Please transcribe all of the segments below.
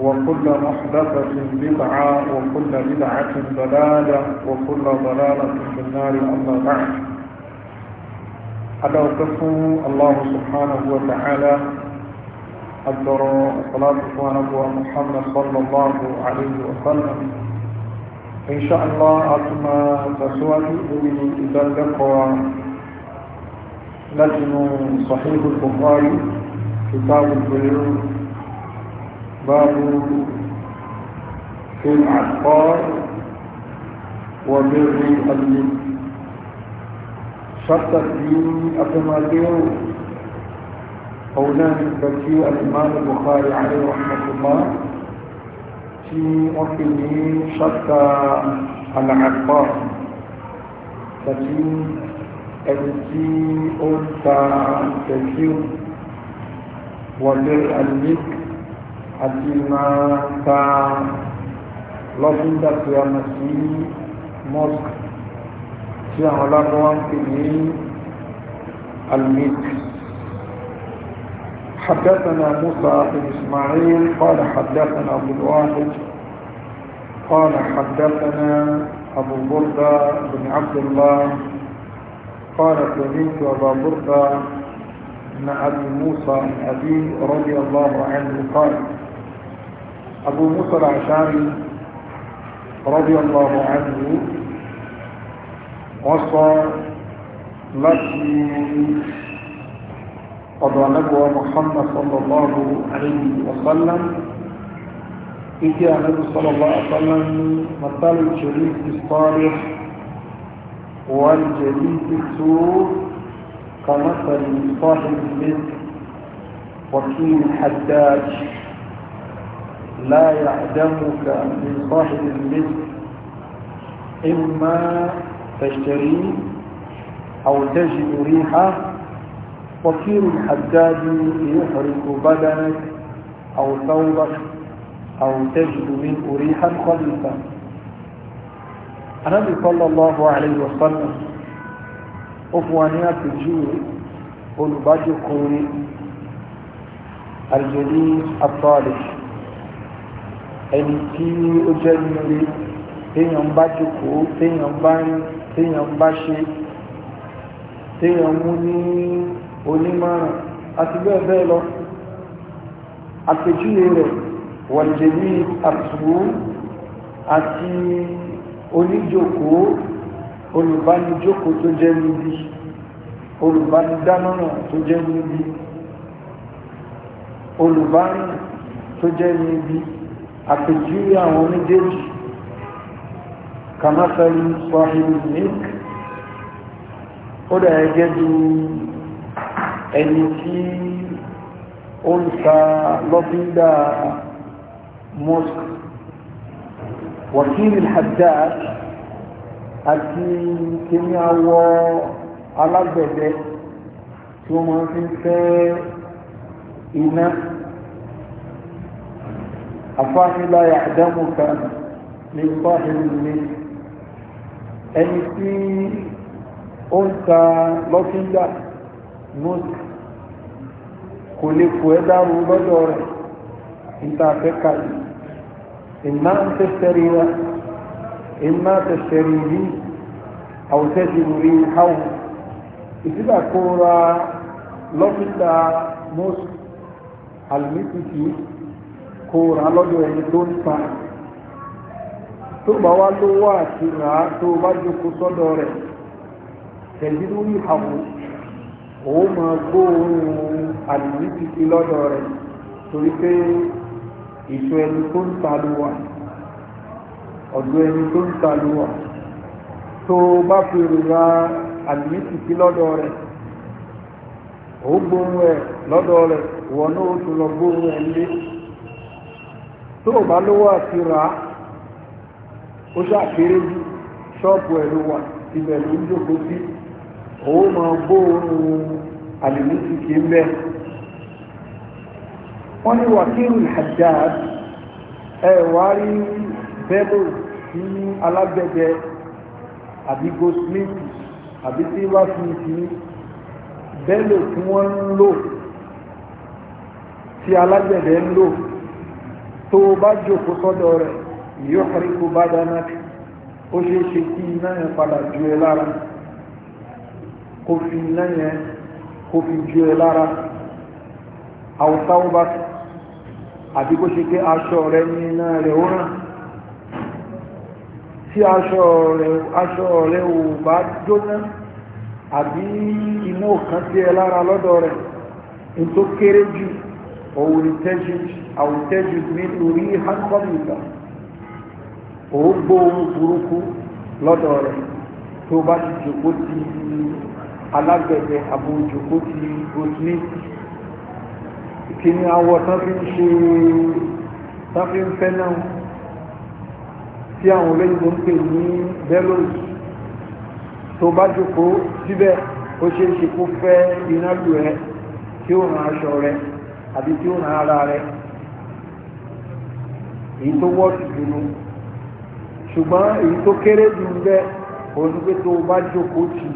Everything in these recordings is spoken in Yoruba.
وكل محدثة بدعة وكل بدعة ضلالة وكل ضلالة في النار أما بعد على وقفه الله سبحانه وتعالى أدر الصلاة ونبوة محمد صلى الله عليه وسلم إن شاء الله أتما تسوأني من إذا لقوا لكن صحيح البخاري كتاب البيوت باب في العقار وبر الأبل شرط الدين أتماليه قولان بكي الإمام البخاري عليه رحمة الله في وقته شرط العقار تجين التي أنت تجين وبر الملك tí a mọ̀ sí tí àwọn ní حدثنا موسى بن اسماعيل قال حدثنا ابو الواحد قال حدثنا ابو برده بن عبد الله قال سمعت ابا برده بن ابي موسى بن ابي رضي الله عنه قال أبو موسى العشاري رضي الله عنه وصى لكن قد نبوى محمد صلى الله عليه وسلم إذا نبوى صلى الله عليه وسلم مثال الشريف الصالح والجليد السور كمثل صاحب البيت وكيل الحداد لا يعدمك من صاحب المثل إما تشتريه أو تجد ريحه وكيل الحداد يحرق بدنك أو ثوبك أو تجد منه ريحا خليفة النبي صلى الله عليه وسلم أفوانيات الجوع البجق الجليل الصالح ẹni tí ó jẹ́ nílé téèyàn bá jókòó téèyàn bá ń téèyàn bá ṣe téèyàn mú ní onímọ̀ràn àti bẹ́ẹ̀ bẹ́ẹ̀ lọ àpèjúwe rẹ̀ wọ̀lẹ̀dẹ̀bí àtúwò àti oníjókòó olùbánijókòó tó jẹ́ níbi olùbánidámọ̀ràn tó jẹ́ níbi olùbárìn tó jẹ́ níbi àpèjúwe àwọn méjèèjì kàmáfẹ́lú sọ́hìlú nick ó dẹ̀ ẹgẹ́ bí ẹni tí ó ń ta lọ́fíndà mosque wakil al-haddad àti kíní awọ alágbẹ̀dẹ tí wọ́n máa fi ń fẹ́ iná àfáàní láyà àdámù kan ní fáàní ní ẹni tí ó ń ta lọ́fíńdà nùsì kò lè fò ẹ́ dárú lọ́dọ̀ rẹ̀ níta afẹ́ka yìí ìmá ń tẹ́sẹ̀ rí wa rí háwù ìsìlá kó ra lọ́fíńdà nùsì àlùmíkìkì kó rà lọ́dọ̀ ẹni tó ń ta tó bá wá ló wá tí rà á tó bá jókòó sọ́dọ̀ rẹ̀ tẹ̀lé lórí àwọ̀ òun máa gbóòórùn àdìrí títí lọ́dọ̀ rẹ̀ torí pé ẹni tó ń ta ló wà ọ̀dọ̀ ẹni tó ń ta ló wà lọ lé. tó bá lówó àti rà ó ṣàkéré jù ṣọ́ọ̀bù ẹ̀lú wà ibẹ̀ ló ń jókòó sí òun máa gbóòórùn àlìmúsì kì í bẹ́ẹ̀ wọ́n ní wàkílù hajjad ẹ wá rí bẹ́lò ní alágbẹ̀dẹ àbí goldsmith àbí silver smith ní bẹ́lò tí wọ́n ń lò tí alágbẹ̀dẹ ń lò tó bá jòkó sọ́dọ̀ rẹ̀ yóò rí kó bá dáná ó ṣe é ṣe kí iná yẹn padà ju ẹ lára kó fi iná yẹn kó fi ju ẹ lára àwòtáwò bá àbí kó ṣe pé aṣọ rẹ̀ ní iná rẹ̀ ó ràn tí aṣọ rẹ̀ aṣọ rẹ̀ ò bá jóná àbí iná ò kàn sí ẹ lára lọ́dọ̀ rẹ̀ ní tó kéré jù òun tẹ́jìd àwọn tẹ́jìd ní orí hankọ́mìtà ó gbóòrùn burúkú lọ́dọ̀ rẹ̀ tó bá ti jòkó ti alágbẹ̀dẹ àbò jòkó ti gosmi ìkíní awọ tán fi ń ṣe tán fi ń fẹ́ náà tí àwọn olóyìnbó ń pè ní bellows tó bá jòkó síbẹ̀ ó ṣe é ṣe kó fẹ́ iná lù ẹ́ tí ó ràn aṣọ rẹ̀ àbí tí ó na ara rẹ èyí tó wọ́ọ̀tù dúró ṣùgbọ́n èyí tó kéré jù ń bẹ́ òun pé tó bá jókòó tì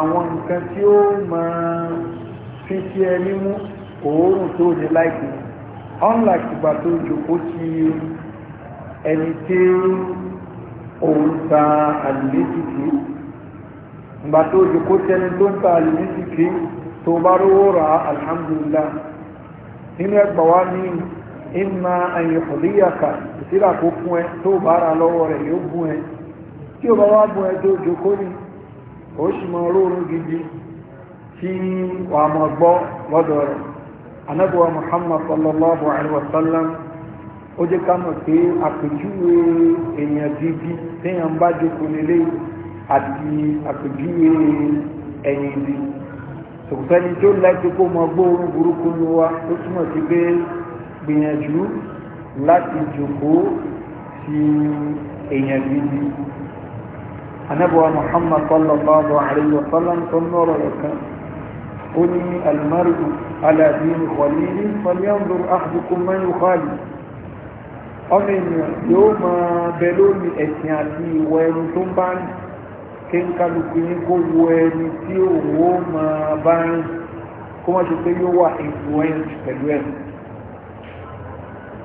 àwọn nǹkan tí fi sí ẹ nímú òórùn tó ní láìpẹ́ unlike ìgbà tó jókòó tì ẹni tí òun ta àlùmíjìkì ìgbà tó jókòó tì ẹni tó ń ta tó bá rówó alhamdulillah nínú ẹgbà wá ní ìmà ẹ̀yìn ọ̀díyàkà ìsílà kó fún ẹ tó bá ra lọ́wọ́ rẹ̀ yóò bú ẹ tí ó bá wá bú ẹ tó jókòó ní ó sì mọ gidi tí wà gbọ́ lọ́dọ̀ rẹ̀ muhammad sallallahu alaihi wa ó sọ̀tẹ́ni tó láti kó mọ gbóòórùn burúkú ló wá ó túmọ̀ sí pé gbìyànjú láti jòkó sí èèyàn gidi anábọ̀wá muhammad sallallahu alayhi wa sallam tó nọ̀rọ̀ ẹ̀kan ó ní almaru aladini khalili falyanzur ahadukum man yukhali ọmọ ènìyàn yóò máa bẹ ẹ̀sìn àti ìwà ẹni tó ń bá rìn kí n kálukú yín kó wo ẹni tí òwò máa bá ń kó má ṣe pé yóò wà influence pẹ̀lú ẹ̀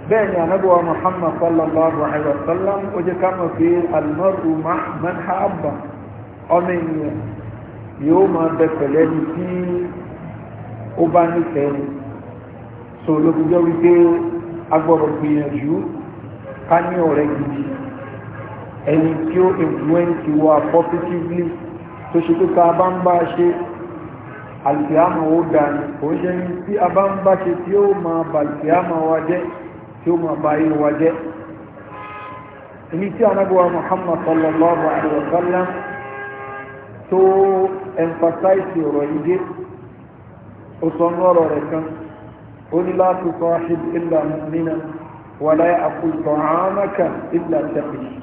bẹ́ẹ̀ ni anábíwá muhammad sallallahu alaihi wa sallam ó jẹ́ ká pé almaru man ọmọ ènìyàn yóò máa bẹ pẹ̀lú ẹni tí ó bá nífẹ̀ẹ́ so lókùjọ́ wípé agbọ́dọ̀ gbìyànjú ká ní ọ̀rẹ́ gidi ẹni tí ó influence wa positively tó ṣe tó ta bá ń bá ṣe alìsíámà ó dà ní òun ṣe ní tí a bá ń bá ṣe tí ó máa bà alìsíámà wa jẹ́ tí ó máa bà ayé wa jẹ́ èmi tí anábíwá Muhammad sallallahu alaihi wa sallam tó emphasize ọ̀rọ̀ yìí dé ó sọ ń lọ́rọ̀ rẹ̀ kan ó ní la tusahib illa mu'mina wa la ya'kul ta'amaka illa taqi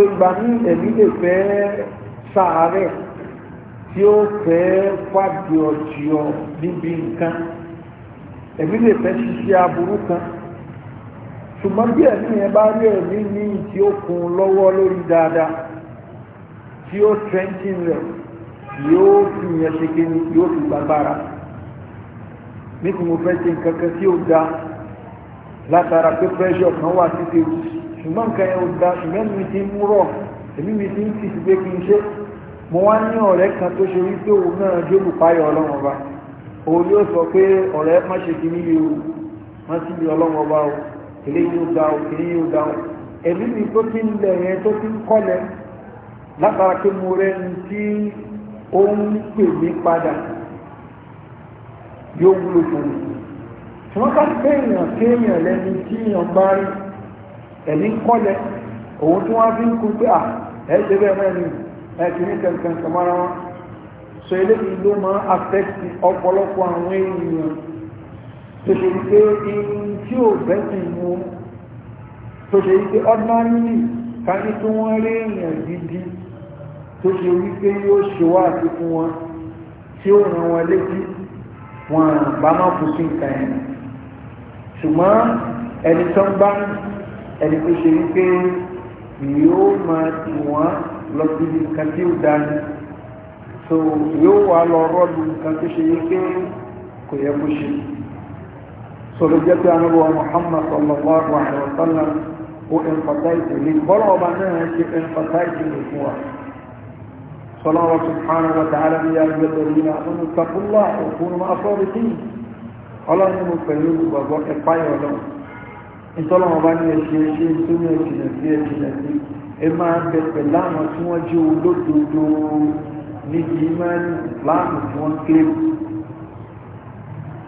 so ìgbà ní ẹ̀mí lè fẹ́ sàárẹ̀ tí ó fẹ́ fàdíọ̀jìọ̀ níbi nǹkan ẹ̀mí lè fẹ́ ṣiṣẹ́ aburú kan ṣùgbọ́n bí ẹ̀mí yẹn bá rí ẹ̀mí ní tí ó kún lọ́wọ́ lórí dáadáa tí ó trẹ́ńtìn rẹ̀ yóò fi yẹn ṣe kí ni yóò fi gbàgbára nítorí mo fẹ́ ṣe nǹkan kan tí ó da látara pé pressure kan wà títí ojú ṣùgbọ́n nǹkan yẹn ò ṣùgbọ́n mi ti ń rọ̀ èmi mi ti ń tì sí pé kí n ṣe mo wá ní ọ̀rẹ́ kan tó ṣe wípé òun náà jó olùpáyọ̀ ọlọ́run ọba òun yóò sọ pé ọ̀rẹ́ má ṣe kí ní yìí o má sí ibi ọlọ́run ọba o kìlí yóò da o kìlí yóò da o èmi mi tó ti ń lẹ̀ yẹn tó ti ń kọ́lẹ̀ látara pé mo rẹ́ ni tí ó ń pè mí padà yóò wúlò fún mi. ṣùgbọ́n ká kéèyàn kéèyàn lẹ́ni tí èèyàn bá rí ẹ̀yìn kọ́lẹ̀ òun tí wọ́n fi ń kún pé à ẹ̀ẹ́dẹ́ bẹ́ẹ̀ náà ni ẹ̀kìní kẹ̀kẹ́ kẹmọ́ra wọn so eléyìí ló máa affecti ọ̀pọ̀lọpọ̀ àwọn èèyàn tó ṣe wípé ihun tí ò bẹ́sìn mú tó ṣe wípé ordinarily ká ní tí wọ́n rí èèyàn gidi tó ṣe wípé yóò ṣe wá àti fún wọn tí ó ràn wọn létí wọn bá má kú sí nǹkan ẹ̀ ṣùgbọ́n ẹni tó ń bá ń ẹni tó ṣe wípé yóò máa tì wọ́n lọ sí nǹkan tí ó dání so yóò wá lọ rọ́ọ̀lù nǹkan tó ṣe wípé kò yẹ kó ṣe sọ̀rọ̀ jẹ́ pé anábọ̀ Muhammad sallallahu alaihi wa sallam ó emphasize ní bọ́lá ọba náà ṣe emphasize ní fún wa sọlá wa subhanahu wa ta'ala ní yàrá ìgbẹ́lẹ̀ yìí náà ó ń takúlá òkú ní ma sọ́ọ́ bí tí ọlọ́run ní mo pẹ̀lú ìgbàgbọ́ ẹ̀páyọ̀ lọ́wọ́ ìtọ́lọ́wọ́n bá ní ẹ̀ṣẹ̀ ṣe tó ní ẹ̀jìnà sí ẹ̀jìnà sí ẹ máa ń bẹ pẹ̀lú àwọn tí wọ́n jẹ́ olódodo níbi ìmọ̀ẹ́nì ìsìláàmù tí wọ́n kéré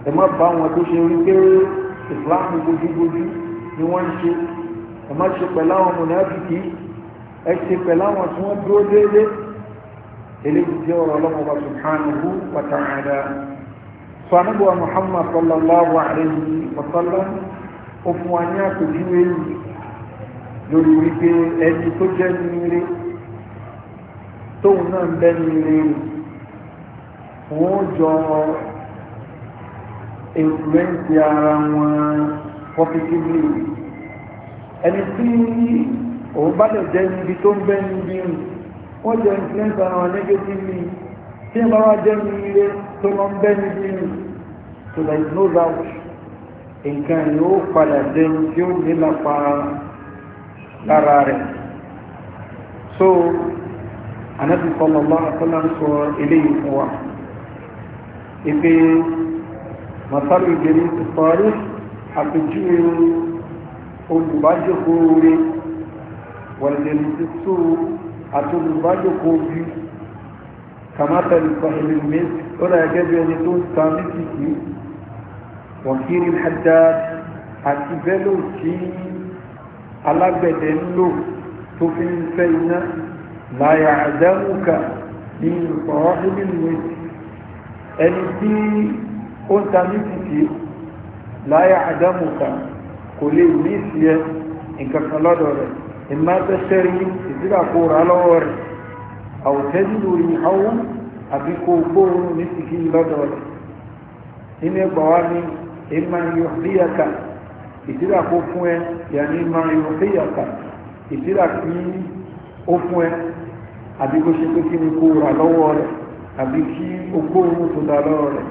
ẹ má bá wọn tó ṣe orí kéré ìsìláàmù gbojúgbojú ni wọ́n ń ṣe ẹ má ṣe pẹ̀lú àwọn mùnáfíkì ẹ ṣe pẹ̀lú àwọn tí wọ́n dúró déédéé eléyìí jẹ́ ọ̀rọ̀ ọlọ́mọba subhanahu wa muhammad sallallahu alayhi wa sallam ó fún wa ní àpèjúwe yìí lórí wípé ẹni tó jẹ́ ní ire tóun náà ń bẹ́ ní ire wọ́n jọ influence ara wọn positively ẹni tí òun bá lè jẹ́ níbi tó ń bẹ́ níbi rìn jọ influence ara wọn negatively tí ń bá wá jẹ́ ní tó lọ ń bẹ́ níbi so there is no doubt nǹkan yóò padà dé tí ó nílapa lára rẹ̀ so anábì sallallahu alaihi wasallam sọ eléyìí fún wa ipe masalu ìgbèrí ti parí àpèjúwe olùbájòkó orí wàlẹ̀lẹ̀ ti tó àti olùbájòkó bí kàmátàlì pàhìlì mẹ́sì ó rà gẹ́gẹ́ bí ẹni tó ń ta wọ̀kírí hajjá àti bẹ́lò tí alágbẹ̀dẹ ń lò tó fi ń fẹ́ iná láyà àdáhùkà ní ìpọ̀rọ̀ ìbìnrin ẹni tí ó ń ta ní títí láyà àdáhùkà kò lè ní sí ẹ nǹkan lọ́dọ̀ rẹ̀ ìmá tẹ́ṣẹ́ rí ìdílà rà lọ́wọ́ rẹ̀ àwòtẹ́jú lórí àwọn àbíkó gbóòórùn ní títí lọ́dọ̀ rẹ̀ nínú ẹgbàá ìmọ̀ ìyọ̀fíyàkà ìtìrà kó fún ẹ yàní ìmọ̀ ìyọ̀fíyàkà ìtìrà kí ó fún ẹ àbí kó ṣe pé kí ni kó rà lọ́wọ́ rẹ̀ àbí kí ogóòrùn tó dá lọ́wọ́ rẹ̀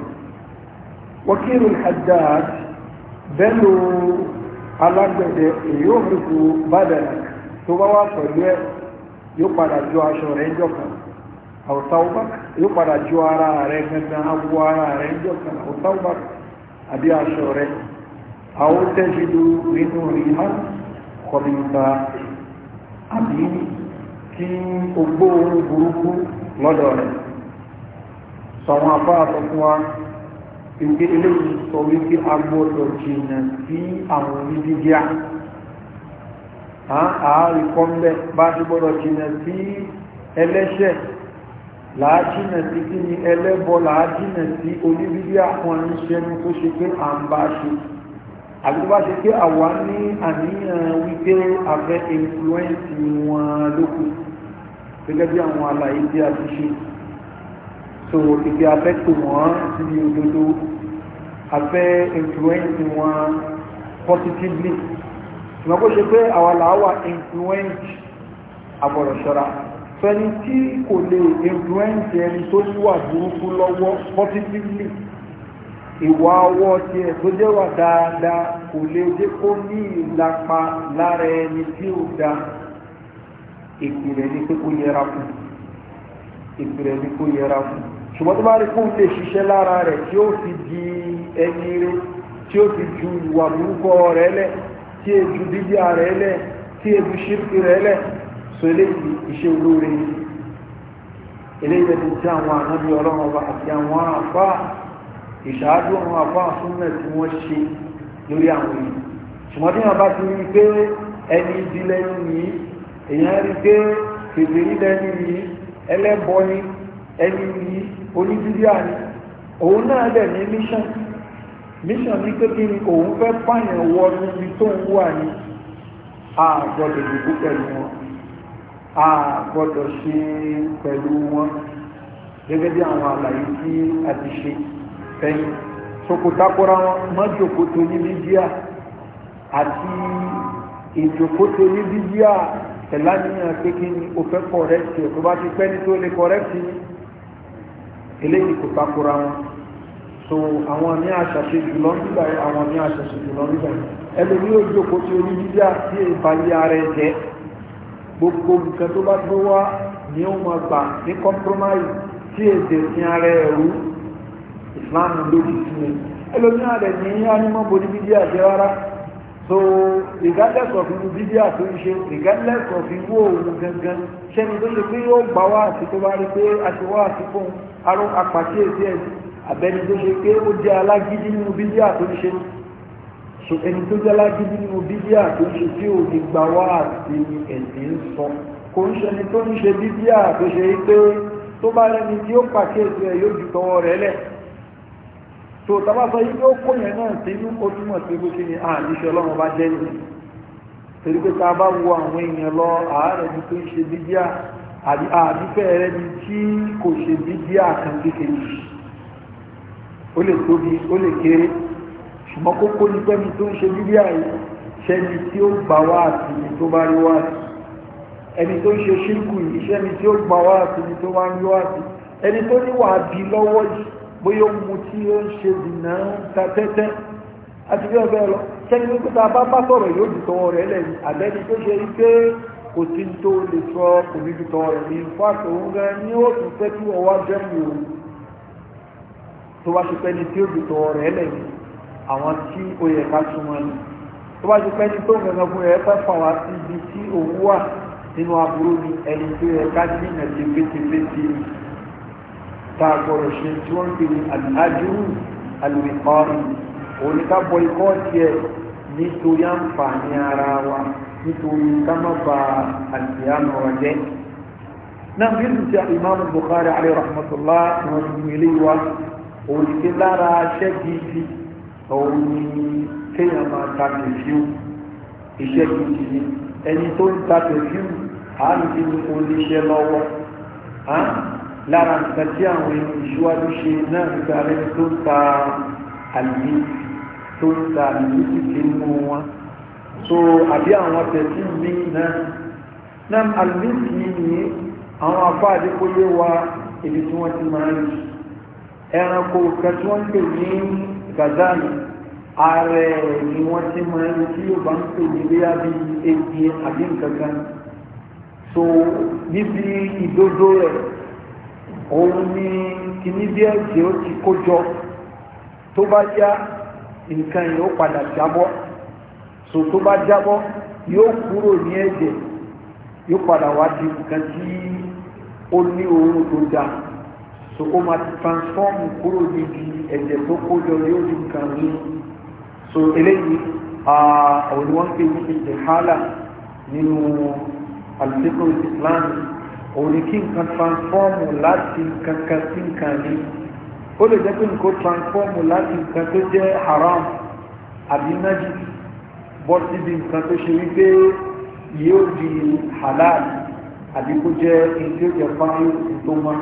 wakílù haddad bẹ́lú alágbẹ̀dẹ èyí ò yóò padà ju aṣọ rẹ̀ ń jọ̀kan ara rẹ̀ gangan awọ ara rẹ̀ àbí aṣọ rẹ̀ àwọn tẹ́jìlú nínú ríhá kọlìta àbí kí o gbó orin burúkú lọ́dọ̀ rẹ̀ sọ̀wọ́n apá àtọ́kúnwá ìgbé eléyìí sọ wípé a jìnà sí àwọn onídíjá àárí kọ́ńbẹ́ bá ṣe gbọ́dọ̀ jìnà sí ẹlẹ́ṣẹ̀ làájínà sí kí ni ẹlẹ́bọ làájínà sí oníbíbí àwọn ìṣẹ́nu tó ṣe pé à ń bá ṣe àti tó bá ṣe pé àwa ní àníyàn wípé abẹ́ influence wọn lókù gẹ́gẹ́ bí àwọn àlàyé tí a ti ṣe so ìgbé abẹ́ tó wọ́n síbi òdodo abẹ́ influence wọn positively ṣùgbọ́n kó ṣe pé àwa làá wà influence àbọ̀rọ̀ṣọ́ra fẹni tí kò lè influence ẹni tó níwà burúkú lọ́wọ́ positively ìwà ọwọ́ tiẹ̀ tó jẹ́wà dáadáa kò lè jẹ́ kó ní ìlapa lára ẹni tí ó da ìpìlẹ̀ ní pé kó yẹra fún ìpìlẹ̀ ní kó yẹra fún ṣùgbọ́n tó bá rí kó lè ṣiṣẹ́ lára rẹ̀ tí ó fi di ẹni rẹ̀ tí ó fi ju ìwà burúkú rẹ̀ lẹ̀ tí èjù dídí rẹ̀ lẹ̀ tí èjù ṣírkì rẹ̀ lẹ̀ so eléyìí iṣẹ́ olóore eléyìí tí àwọn ànábí ọlọ́run ọba àti àwọn afá ìṣáájú àwọn afá súnmọ̀ tí wọ́n ṣe lórí àwọn èèyàn ṣùgbọ́n tí wọ́n bá ti rí pé ẹni ibi lẹ́nu yìí èèyàn rí pé kèbèrè lẹ́nu yìí ẹlẹ́bọ ni ẹni yìí onídíríà ni òun náà dẹ̀ ní mission mission ní pé kí ni òun fẹ́ pààyàn wọ níbi tó ń wà ní àgbọ̀dẹ̀ ìdìbò pẹ̀lú wọn a gbọ́dọ̀ ṣe pẹ̀lú wọn gẹ́gẹ́ bí àwọn àlàyé tí a ti ṣe fẹ́yìn sokotakora wọn mọ́jòkótó ní bíbíà àti ìjòkótó ní bíbíà tẹ̀lá níyàn pé kí ni o fẹ́ kọ̀rẹ́tì ẹ̀ tó bá ti pẹ́ ní tó lè kọ̀rẹ́tì ní eléyìí kò takora wọn so àwọn ní àṣàṣe jùlọ nígbà yẹn àwọn ní àṣàṣe jùlọ nígbà yẹn ẹlòmí ò ní bíbíà tí èèbá yára ẹ̀ jẹ́ gbogbo nǹkan tó bá gbé wá ni ó máa gbà ní compromise tí èdè sin ara ẹ̀rú islam lórí sí mi ẹlòmí ààrẹ ní ánímọ́ bo ní bíbí àti rárá so regardless of inú bíbí àti oríṣe regardless of inú òun gangan ṣẹ́ni tó ṣe pé yóò gbà wá àti tó bá rí pé a ti wá àti fóun aró apàkíyèsí ẹ̀ abẹ́ni tó ṣe pé ó jẹ́ alágídí nínú bíbí àti oríṣe so ẹni tó jẹ́ lágídí nínú bíbíà tó ṣe tí ò ní gbà wá àti ẹ̀sìn ń sọ kò ń ṣẹni tó ń ṣe bíbíà tó ṣe é pé tó bá rẹni tí ó pàkíyèsí ẹ yóò ju tọwọ́ rẹ̀ lẹ̀ tó tàbá sọ yí ó kó yẹn náà sínú ó túmọ̀ sí pé kí ni àníṣe ọlọ́run bá jẹ́ ní torí pé tá a bá wo àwọn èèyàn lọ àárẹ̀ ni tó ń ṣe bíbíà àbí àbífẹ́ rẹ ni tí kò ṣe bíbíà kan kékeré ó lè tóbi ó lè kéré ṣùgbọ́n kókó ní pẹ́ni tó ń ṣe bíbí àyè ṣẹni tí ó gbà wá àti ní tó bá rí wá sí ẹni tó ń ṣe ṣírkù yìí ṣẹni tí ó gbà wá àti ní tó bá rí wá sí ẹni tó níwà bí lọ́wọ́ yìí bóyá ó mu tí ó ń ṣe dìnnà ń ta tẹ́tẹ́ àti bí ọbẹ̀ lọ ṣẹni tó kúta bá bá sọ̀rọ̀ yóò dùn tọwọ́ rẹ̀ lẹ́yìn àbẹ́ni tó ṣe rí pé kò tí ń tó lè sọ kò ní dùn tọwọ́ rẹ̀ ní fáàtì tó wá ṣe pẹ́ni tí ó dùn tọwọ́ rẹ̀ lẹ́yìn àwọn tí ó yẹ ká súnmọ́ ni tó bá ti pẹ́ ní tó gbẹ̀ngàn fún ẹ fẹ́ fà wá sí ibi tí òun wà nínú aburú ni ẹni tó yẹ ká ní ìrìnàjò pétépété tá a gbọ́dọ̀ ṣe tí wọ́n ń pè ní àdúrú àlùmíkọ́rì òun ni ká ikọ́ tiẹ̀ nítorí àǹfààní ara wa nítorí ká má ba náà bí lùtí ìmáàmù Bukhari alayhi rahmatullah ni wọ́n ti mú ilé wa òun ti lára aṣẹ́ gidi òun ni kéèyàn máa ta pẹ̀fíù iṣẹ́ gidi ni ẹni tó ń ta pẹ̀fíù àánú ti ní oníṣẹ́ lọ́wọ́ lára nǹkan tí àwọn èèyàn ìṣúwájú ṣe náà nígbà rẹ̀ tó ń ta àlùmí tó ń ta àlùmí sì ti mú wọn so àbí àwọn pẹ̀fíù míì náà náà àlùmí sì ní àwọn afáàdé kó yé wa ibi tí wọ́n ti máa ń ẹranko kan wọ́n ń pè ní gazali ààrẹ ni wọ́n ti mọ ẹni tí yóò bá ń pè ní bíyà bí ebi àbí nǹkan kan so níbi ìdodo rẹ̀ òun ni kìíní bí ẹ̀jẹ̀ ó ti kó jọ tó bá yá nǹkan yìí ó padà jábọ́ so tó bá jábọ́ yóò kúrò ní ẹ̀jẹ̀ yóò padà wá di nǹkan tí ó ní òórùn tó dáa so ó máa transform kúrò níbi ẹ̀jẹ̀ tó kójọ yóò di nǹkan ní so eléyìí àwọn ni wọ́n ń pè ní ìjẹ̀hálà nínú àlùfẹ́kọ̀ọ́ Islam òun ni kí can transform láti nǹkan kan sí nǹkan ní ó lè jẹ́ pé nǹkan transform láti nǹkan tó jẹ́ haram àbí nájì bọ́ síbi nǹkan tó ṣe wípé yóò di halal àbí kó jẹ́ nǹkan tó jẹ́ fáyọ̀ tó máa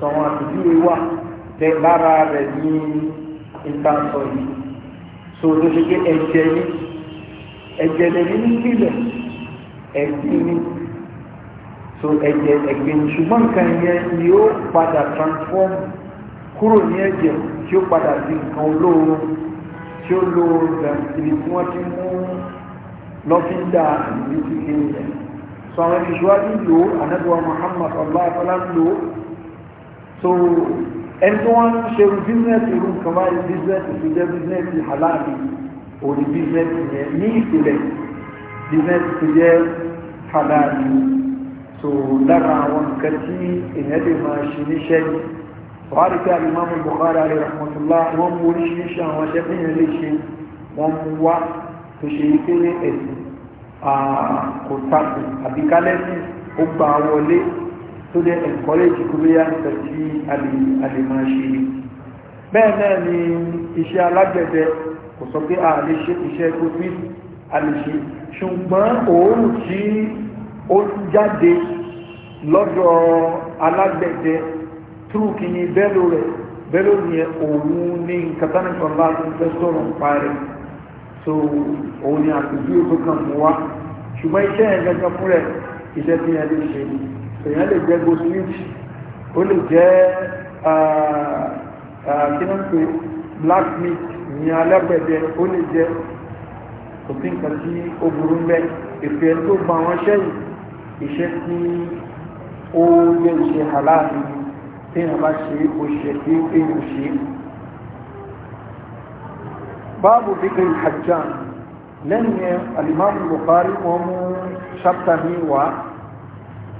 tọ̀wọ́n àtúndúwe wà tẹ lára rẹ̀ ní ìtànsọ yìí so ló ṣe pé ẹ̀jẹ̀ ni ẹ̀jẹ̀ lè ní nílẹ̀ ẹ̀gbin ni so ẹ̀jẹ̀ ẹ̀gbin ṣùgbọ́n nǹkan yẹn ni ó padà transform kúrò ní ẹ̀jẹ̀ tí ó padà di nǹkan olóorun tí ó lo ìgbàgbé tí wọ́n ti mú lọ́fíńdà ìlú ti kéde so àwọn ìṣúwájú lò ó ànágbọ́n Muhammad Allah ọ̀bá lò ó so ẹni tó wọ́n ń ṣe bísínẹ́sì irú nǹkan báyìí bísínẹ́sì tó jẹ́ bísínẹ́sì halali òní bísínẹ́sì yẹn ní ìpìlẹ̀ bísínẹ́sì tó jẹ́ halali so lára àwọn nǹkan tí èèyàn lè máa ṣe níṣẹ́ yìí wàá rí pé alimami Bukhari alayhi rahmatullah wọ́n mú oríṣiríṣi àwọn ẹṣẹ́ tí èèyàn lè ṣe wọ́n mú wá tó ṣe yí pé ẹ̀sìn kò takò àbíkálẹ́sì tó dé encourage kúrẹ́yà tẹ̀sí alìmọ̀ṣe bẹ́ẹ̀ náà ni iṣẹ́ alágbẹ̀dẹ kò sọ pé a lè ṣe iṣẹ́ kófí a lè ṣe ṣùgbọ́n òórùn tí ó jáde lọ́dọ̀ alágbẹ̀dẹ túrùkì ní bẹ́lò rẹ̀ bẹ́lò ní òun ní katanikọ̀ so òun ni àpèjú tó kàn mú wá ṣùgbọ́n iṣẹ́ yẹn fún rẹ̀ iṣẹ́ tí yẹn lè ṣe èèyàn lè jẹ́ goslitch ó lè jẹ́ kínúpe black meat ní alágbẹ̀dẹ ó lè jẹ́ òfin kan tí ó burú mẹ́ ètò ẹni tó gba àwọn iṣẹ́ yìí iṣẹ́ tí ó yẹ ìṣe aláàbí tí èèyàn bá ṣe oṣù tí èèyàn ṣe báàbù bíkẹ́ ìhàjá lẹ́yìn alimami Bukhari wọn mú ṣáptà ní wàá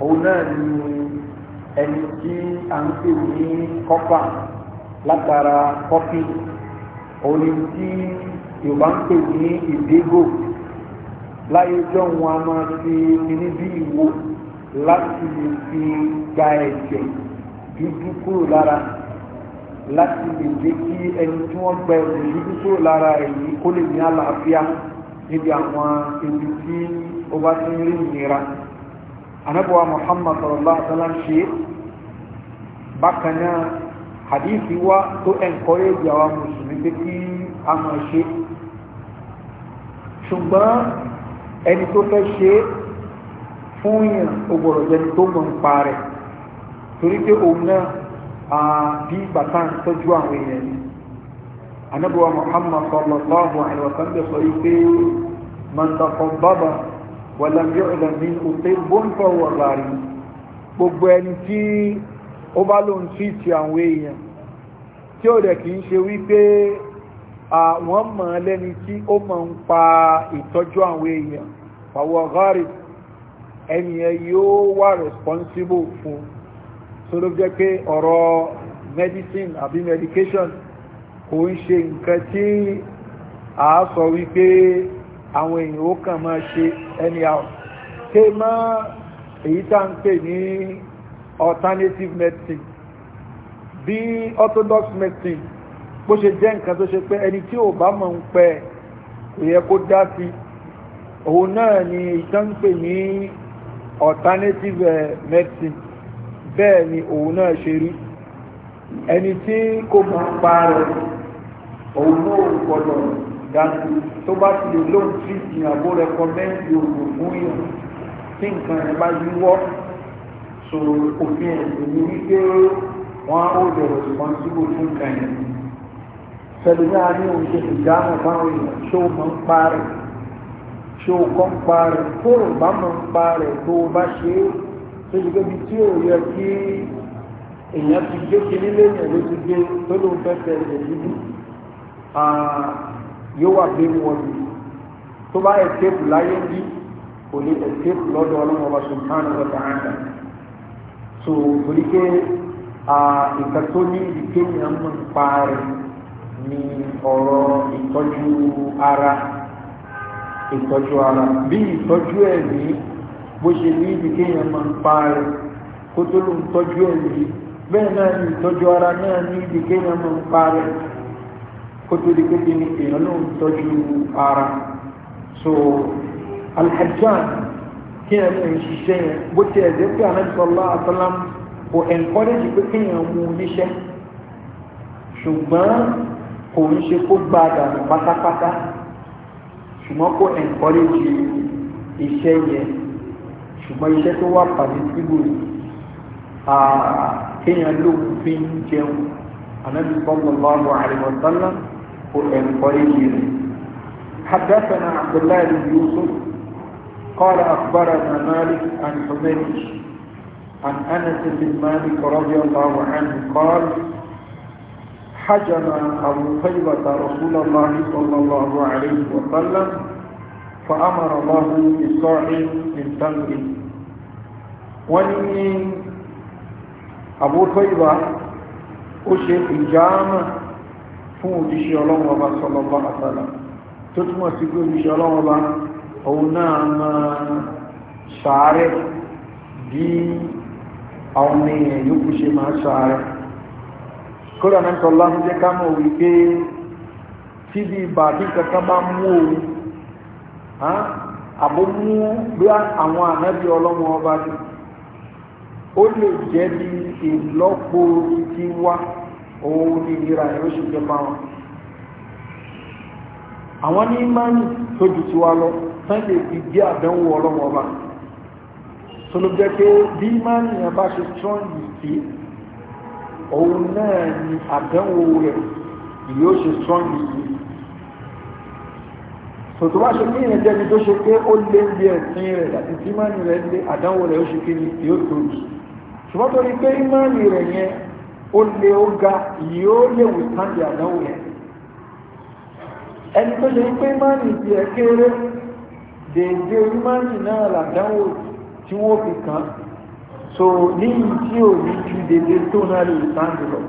òun náà ni ẹni tí a ń pè ní kọ́pà látara kọ́fí òun ni tí yorùbá ń pè ní ìdégò láyé jọ wọn a máa fi kíní bí ìwo láti lè fi gba ẹ̀jẹ̀ dúdú kúrò lára láti lè jẹ́ kí ẹni tí wọ́n gba ẹ̀jẹ̀ dúdú kúrò lára èyí kó lè ní àlàáfíà níbi àwọn ibi tí ó bá ti ń rí ìnira anabuwa muhammad sallallahu alaihi wasallam ṣe bákan náà hadithi wa tó encourage àwọn mùsùlùmí pé kí a máa ṣe ṣùgbọ́n ẹni tó fẹ́ ṣe fún yàn ó gbọ́dọ̀ jẹni tó mọ̀ ń pa rẹ̀ torí pé òun náà bí bàtà muhammad sallallahu alaihi wasallam sọ yìí pé man taqabbaba wàlám yọ̀ọ̀dà ní òtẹ́ bọ́ǹfọ̀wọ̀ láàrin gbogbo ẹni tí ó bá lóun sí ti àwọn èèyàn tí ó dẹ̀ kì í ṣe wípé àwọn mọ̀ lẹ́ni tí ó mọ̀ ń pa ìtọ́jú àwọn èèyàn pàwọ̀ ọ̀gáàrí ẹniyàn yóò wà responsible fún so ló jẹ́ pé ọ̀rọ̀ medicine àbí medication kò ń ṣe nǹkan tí a sọ wípé àwọn èèyàn ó kàn máa ṣe ẹni àwọn ké mọ́ èyí tá ń pè ní alternative medicine bí orthodox medicine bó ṣe jẹ́ nǹkan tó ṣe pé ẹni tí ò bá mọ̀ ń pẹ́ kò yẹ kó dá sí òun náà ni ìtàn ń pè ní alternative eh, medicine bẹ́ẹ̀ ni òun náà ṣe rí ẹni tí kò mọ̀ ń pa rẹ̀ òun náà gbọ́dọ̀ rẹ̀ dání tó bá ti lè lóun tí ìyàwó rẹ kọ mẹ́rin oògùn fún yàn tí nǹkan ẹ̀ bá yíwọ́ so òfin ẹ̀sìn ní wípé wọ́n á ó dẹ̀rọ̀ ṣùgbọ́n síbò fún nǹkan yẹn pẹ̀lú náà ní òun ṣe ìdáhùn báwọn èèyàn ṣó mọ̀ ń pa rẹ̀ ṣó kọ́ ń pa rẹ̀ kóró bá mọ̀ ń pa rẹ̀ tó o bá ṣe é tó ṣe kébi tí ò yẹ kí èèyàn ti gbé kiri lẹ́yìn ló ti gbé tó ló ń fẹ́ fẹ́ ẹ̀jẹ̀ yóò wà bí wọn bí tó bá escape láyé bí kò lè escape lọ́dọ̀ ọlọ́run ọba subhanahu wa ta'ala so torí pé nǹkan tó ní ìkéyàn mọ̀ ń pa rẹ̀ ni ọ̀rọ̀ ìtọ́jú ara ìtọ́jú ara bí ìtọ́jú ẹ̀mí bó ṣe ní ìkéyàn mọ̀ ń pa rẹ̀ kó tó ló ń tọ́jú ẹ̀mí bẹ́ẹ̀ náà ni ìtọ́jú ara náà ní ìkéyàn mọ̀ ń pa rẹ̀ kótó di pé kíni èèyàn ló ara so alhajjan kí ẹ fi ṣiṣẹ́ yẹn bó ti ẹ̀ jẹ́ pé anabisọ́lá àtàlám kò encourage pé kéèyàn mú un níṣẹ́ ṣùgbọ́n kò ń ṣe kó gba àdàmú pátápátá ṣùgbọ́n kó encourage iṣẹ́ yẹn ṣùgbọ́n iṣẹ́ tó wà pàdé síbò kéèyàn ló fi ń jẹun anabisọ́lá àlùmọ̀sálá. وإنقريه حدثنا عبد الله بن يوسف قال أخبرنا مالك عن حميد عن أنس بن مالك رضي الله عنه قال حجم أبو طيبة رسول الله صلى الله عليه وسلم فأمر الله بصاع من تمر وني أبو طيبة أشهر إجامة fún òjíṣẹ́ ọlọ́run ọba sọlọ́bá àtàlà tó túnmọ̀ sí pé òjíṣẹ́ ọlọ́run ọba òun náà máa ṣàárẹ̀ bí àwọn èèyàn yóò ṣe máa ṣàárẹ̀ kódà náà sọ láti jẹ́ ká mọ̀ wípé tí bí ibà tí kankan bá mú òun àbó mú bí àwọn ànábì ọlọ́run ó lè jẹ́ bí ìlọ́po ti wá owó ní ìlera ẹ̀rọ sì jẹ́ máa wọn àwọn ní mánì tó jù ti wá lọ sáńdé ti gbé àdánwò ọlọ́wọ́ ọba tó ló jẹ́ pé bí mánì yẹn bá ṣe strong yìí sí òun náà ni àdánwò rẹ̀ yóò ṣe strong yìí tòtò bá ṣe kí ìrìn jẹ́bi tó ṣe pé ó lé ń bí ẹ̀sìn rẹ̀ àti tí mánì rẹ̀ lé àdánwò rẹ̀ ó ṣe kí ni yóò tóbi ṣùgbọ́n torí pé mánì rẹ̀ yẹn ó lé ó ga yóò lè wò sáńdì àdánwò yẹn ẹni tó ṣe ń pé máa nì bí ẹ kéré dèédé orí máa nì náà làdánwò tí wọ́n fi kàn so ní tí ò ní ju dèédé tó náà lè wò sáńdì lọ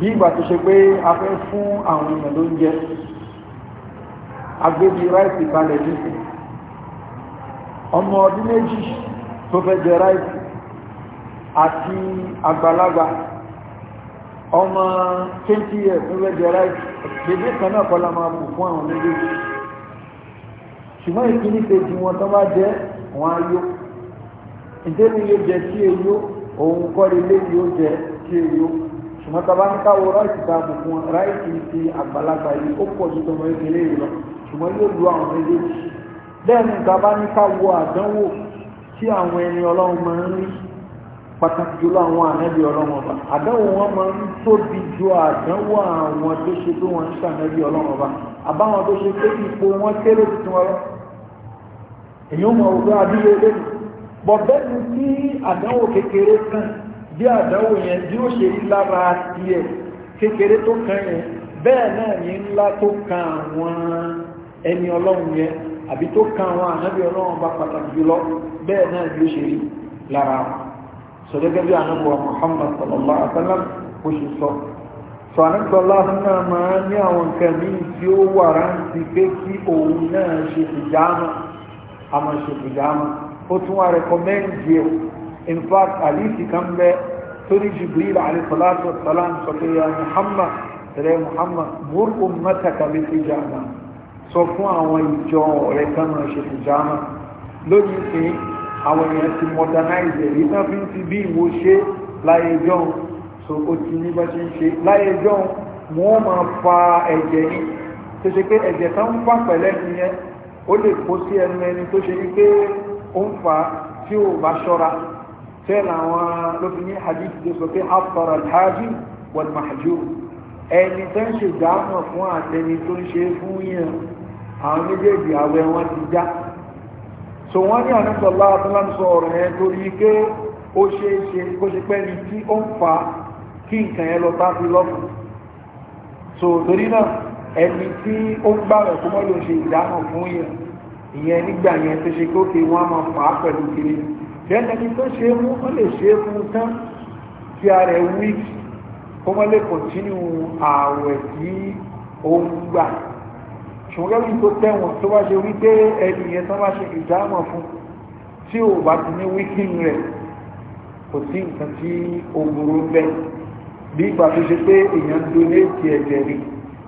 bí ìgbà tó ṣe pé a fẹ́ fún àwọn èèyàn ló ń jẹ agbébi ráìsì balẹ̀ nísìn ọmọ ọdún méjì tó fẹ́ jẹ ráìsì àti àgbàlagbà ọmọ 20 years ní wẹ́jẹ̀ ráìtì bèbè kan náà kọ́lá máa bù fún àwọn méjèèjì ṣùgbọ́n ìkíní kejì wọn tó bá jẹ́ wọn á yó ìdébi yóò jẹ tí èyó òun kọ́ ilé yóò jẹ tí èyó ṣùgbọ́n tá a bá ń káwọ ráìtì tá bù fún ráìtì ti àgbàlagbà yìí ó pọ̀ ju tọmọ ìkéré yìí lọ ṣùgbọ́n yóò lu àwọn méjèèjì bẹ́ẹ̀ ni tá bá ń káwọ àdánwò tí àwọn ẹni ọlọ́run máa ń rí pàtàkì jùlọ àwọn ànábì ọlọ́wọ́n ọba àdánwò wọn máa ń tóbi ju àdánwò àwọn tó ṣe pé wọ́n ń ṣànábì ọlọ́wọ́n ọba àbáwọn tó ṣe pé ipò wọn kéré tuntun ọlọ́ èyí ó mọ ògbó abíyé lẹ́nu bọ̀bẹ́ni tí àdánwò kékeré kan bí àdánwò yẹn bí ó ṣe rí lára tiẹ̀ kékeré tó kan yẹn bẹ́ẹ̀ náà ní ńlá tó kan àwọn ẹni ọlọ́run yẹn àbí tó kan àwọn ànábì ọlọ́run ọba pàtàkì jùlọ bẹ́ẹ̀ náà bí ó ṣe lára wọn sọ gẹ́gẹ́ bí anábọ̀ Muhammad sallallahu alaihi Wasallam sallam bó ṣe sọ sọ anábọ̀lá náà máa ní àwọn nǹkan míì tí ó wà rántí pé kí òun náà ṣe pìjáàmà àmọ́ ṣe pìjáàmà ó tún wá rẹkọmẹ́ǹdì ẹ̀ in fact àlìsí kan bẹ torí Jibril alayhi salatu wa salam sọ pé ya Muhammad rẹ Muhammad mur ummataka bi pìjáàmà sọ fún àwọn ìjọ rẹ kan máa ṣe pìjáàmà lónìí àwọn èèyàn ti modernize e. èyí tán fi ń fi bí ìwò ṣe láyé jọun so ó ti ní bá ṣe ń ṣe láyé jọun wọ́n máa fa ẹ̀jẹ̀ ní tó ṣe pé ẹ̀jẹ̀ tán ń fà pẹ̀lẹ́ nìyẹn ó lè kó sí ẹnu ẹni tó ṣe wípé ó ń fa tí ò bá ṣọ́ra tẹ́ làwọn ló fi ní hadith tó sọ pé afara alhaji wal mahjur ẹni tó ń ṣe dáhùn fún àtẹni tó ń ṣe fún yẹn àwọn méjèèjì àwẹ̀ wọn ti já so wọ́n ní àníṣọ́lá àtúnláńsọ ọ̀rọ̀ yẹn torí pé ó ṣe é ṣe kó ṣe pẹ́ ní tí ó ń fa kí nǹkan yẹn lọ bá fi lọ́fún so torí náà ẹni tí ó ń gbà rẹ̀ kó mọ́ ló ṣe ìdáná fún yẹn ìyẹn nígbà yẹn tó ṣe kókè wọn a máa fà á pẹ̀lú kiri tẹ́lẹ̀ni tó ṣe mú ó lè ṣe fún tán kí a rẹ̀ wí kó mọ́ kọ̀tínú ààwẹ̀ tí ó ń gbà ṣùgbọ́n lẹ́yìn tó tẹ̀wọ̀n tó bá ṣe wípé ẹni yẹn tó bá ṣe ìdámọ̀ fún tí ò bá ti ní wíkìn rẹ̀ kò sí nǹkan tí ó burú bẹ́ẹ̀ bí ìgbà tó ṣe pé èèyàn ń donéètì ẹ̀jẹ̀ rí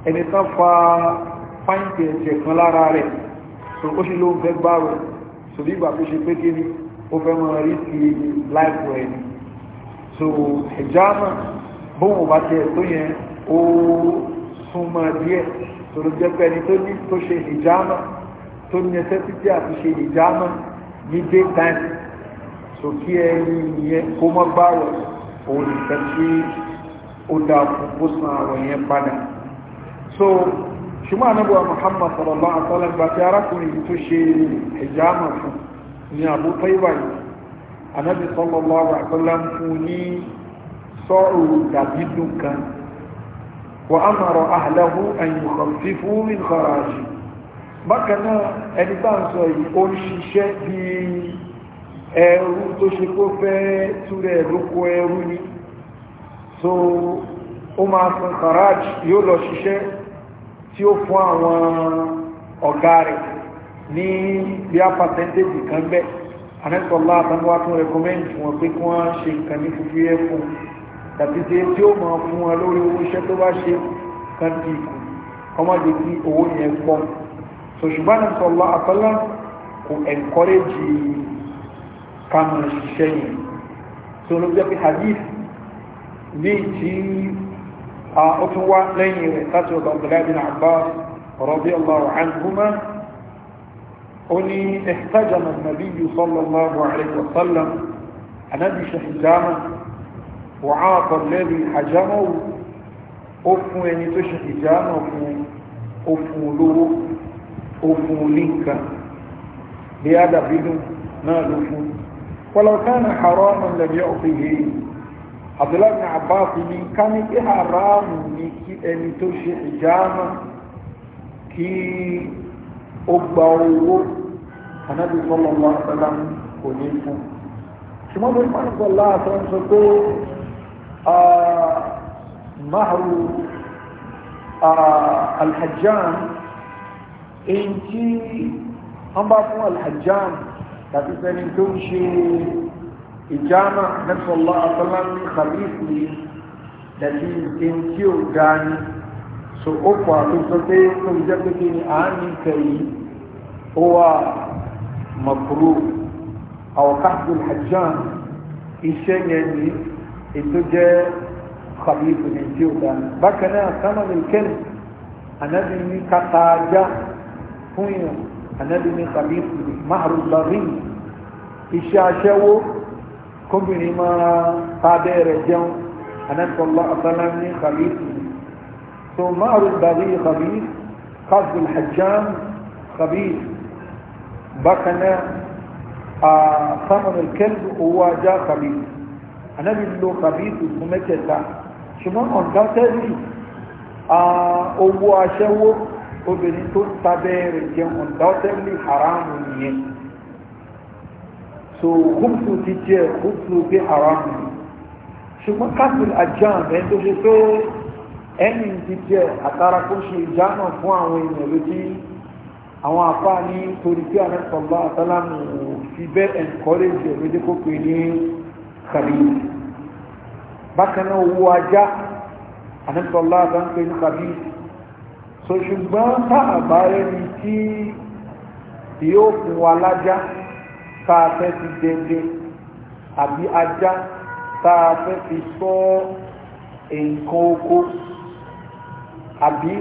ẹni tán fa pàǹtì ẹ̀jẹ̀ kan lára rẹ̀ tó ó ṣe ló ń fẹ́ gbá rẹ̀ tó bí ìgbà tó ṣe pé kí ni ó fẹ́ mọ rí ti láìpọ̀ ẹ̀ ni so ẹ̀já náà bóun ò bá tiẹ̀ tó yẹn ó súnmọ́ díẹ̀ tòrò jẹ́ pé ẹni tó ní tó ṣe ìjámà tó ní ẹsẹ́ títí àti ṣe ìjámà ní day time so kí ẹni yẹn kó mọ́ gbààwẹ̀ òun nìkan tí ó dá fún kó san àwẹ̀ yẹn padà so ṣùgbọ́n anábọ̀ Muhammad sallallahu alaihi wasallam gbàtí arákùnrin tó ṣe ìjámà fún ní Abu Tayba yìí anábì sallallahu alaihi wasallam fún ní sọ́ọ̀rù dàbí dùn kan وأمر أهله أن يخففوا من خراجه بكنا أنبان سوي أنشيشة ẹrú tó ṣe kó fẹ́ túrẹ̀ lókó ẹrú ni so ó máa san karaj yóò lọ ṣiṣẹ́ tí ó fún àwọn ọ̀gá rẹ̀ ní bíá pàtẹ́ntèjì kan bẹ́ anẹ́sọ̀lá àtàwọn tó wọn pé kí wọ́n ṣe nǹkan ní fúfú fún tàbí tí tí ó máa fún wọn lórí owó iṣẹ́ tó bá ṣe kan ti ikú ọmọdé kí owó yẹn pọ̀ so ṣùgbọ́n ní sọ̀lá àtọ́lá kò encourage kánú ṣiṣẹ́ yẹn so ló jẹ́ pé hadith ní tí ó tún wá lẹ́yìn rẹ̀ láti ọ̀dọ̀ Abdullahi bin Abbas radiyallahu anhuma أني احتجم النبي صلى الله عليه وسلم أنا بشهدامه wọ́n á kọ lẹ́rù àjámọ́wò ó fún ẹni tó ṣe ìjámọ̀ fún òfun olówó òfun olíǹkan bí á dàbí dùn náà ló fún kọlọ̀kánà haramun lẹ́bí ọ̀fẹ́ yìí abdullahi abbas ní ká ní pé haramu ní kí ẹni tó ṣe ìjámọ̀ kí ó gba owó anábì sọlọ́lá ọ̀sán kò ní fún ṣùgbọ́n bí wọ́n sọ láàtọ̀ sọ pé آه، مهر آه، الحجان انتي هم بعضوا الحجان تعطيت ان تمشي الجامع نفس الله صلى الله عليه وسلم انتي وقاني سو اقوى تبسطي تبسطي اني كي هو مفروض او قحب الحجان يسمى يعني؟ ètò jẹ́ kàbíyèsí ní tí ó dá bákan náà sámánì kẹ́lì ànábì ní kàtà ajá fún yàn ànábì ní kàbíyèsí ní máàrú bàrí iṣẹ́ aṣẹ́wó kóbìnrin máa tábẹ́ rẹ̀ jẹun ànábì sọ̀rọ̀ àbálá ní kàbíyèsí ní so máàrú bàrí kàbíyèsí قصد الحجام خبيث بكنا آه ثمن الكلب هو جا خبيث anábì lo kàbíìsì fún mẹ́tẹ̀ẹ̀ta ṣùgbọ́n undoubtedly owó aṣẹ́wó obìnrin tó tabẹ́ rẹ̀ jẹ́ undoubtedly haramu nìyẹn so kúùsù ti jẹ́ kúùsù bí haramu ni ṣùgbọ́n kápìl àjàn ẹni tó ṣe pé ẹni ti jẹ́ àtàrà kó ṣe ìjánà fún àwọn èèyàn lójú àwọn afáàní torí pé àrẹ́sọ̀lá àtàlámù fi bẹ́ẹ̀ encourage ẹ̀ lójú kó pè ní khabir bákan náà owó ajá àníṣọ́lá àtàǹkè ní khabir so ṣùgbọ́n sáàbà ẹni tí yóò fún wa lájá táa fẹ́ fi dẹ́dẹ́ àbí ajá táa fẹ́ fi sọ nǹkan oko àbí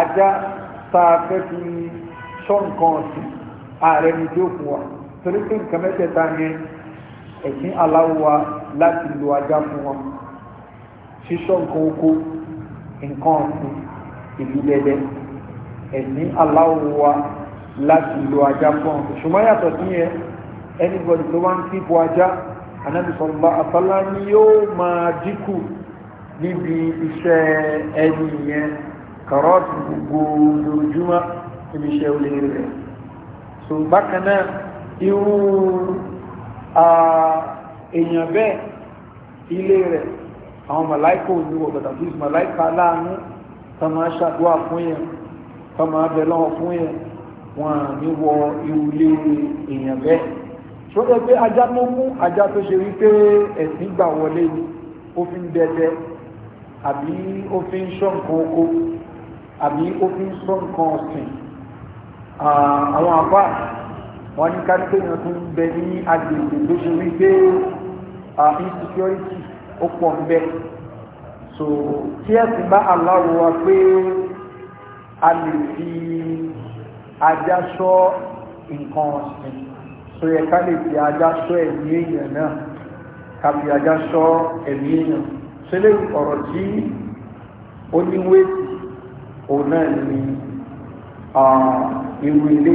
ajá táa fẹ́ fi sọ nǹkan ọ̀sìn ààrẹ ni yóò fún wa torí pé nǹkan mẹ́tẹ̀ẹ̀ta yẹn ẹ̀sìn aláwọ̀wá láti lo ajá fún wọn ṣíṣọ́ nǹkan oko nǹkan ọ̀sìn ìlú dẹ́dẹ́ ẹ̀sìn aláwọ̀wá láti lo ajá fún wọn ṣùgbọ́n yàtọ̀ sí yẹn anybody tó bá ń kíkọ ajá anábì sọ̀rọ̀ ni yóò máa dínkù níbi iṣẹ́ ẹni yẹn kàrọ́ọ̀tì gbogbo lójúmọ́ níbi iṣẹ́ olè rẹ̀ so bákan náà irú èèyàn bẹ́ẹ̀ ilé rẹ̀ àwọn màláìkò ní ọ̀gbọ̀dà bí màláìkà láàánú tó máa ṣàdúrà fún yẹn tó máa bẹ̀ lọ́wọ́ fún yẹn wọn ní wọ ìwúlé èèyàn bẹ́ẹ̀ ṣọ́dọ̀ pé ajá tó mú ajá tó ṣe wípé ẹ̀sìn gbà wọlé ni ó fi ń dẹdẹ àbí ó fi ń ṣọ́ nǹkan oko àbí ó fi ń ṣọ́ nǹkan ọ̀sìn àwọn àbá wọ́n ní kárí pé èèyàn tún bẹ ní agbègbè tó ṣe wípé insecurity ó pọ̀ ń bẹ so tí ẹ̀sìn bá aláwọ̀ wa pé a lè fi ajá ṣọ́ nǹkan ọ̀sìn so yẹ ká lè fi ajá ṣọ́ ẹ̀mí èèyàn náà ká fi ajá ṣọ́ ẹ̀mí èèyàn ṣe lè ọ̀rọ̀ tí ó òun náà ni irú ilé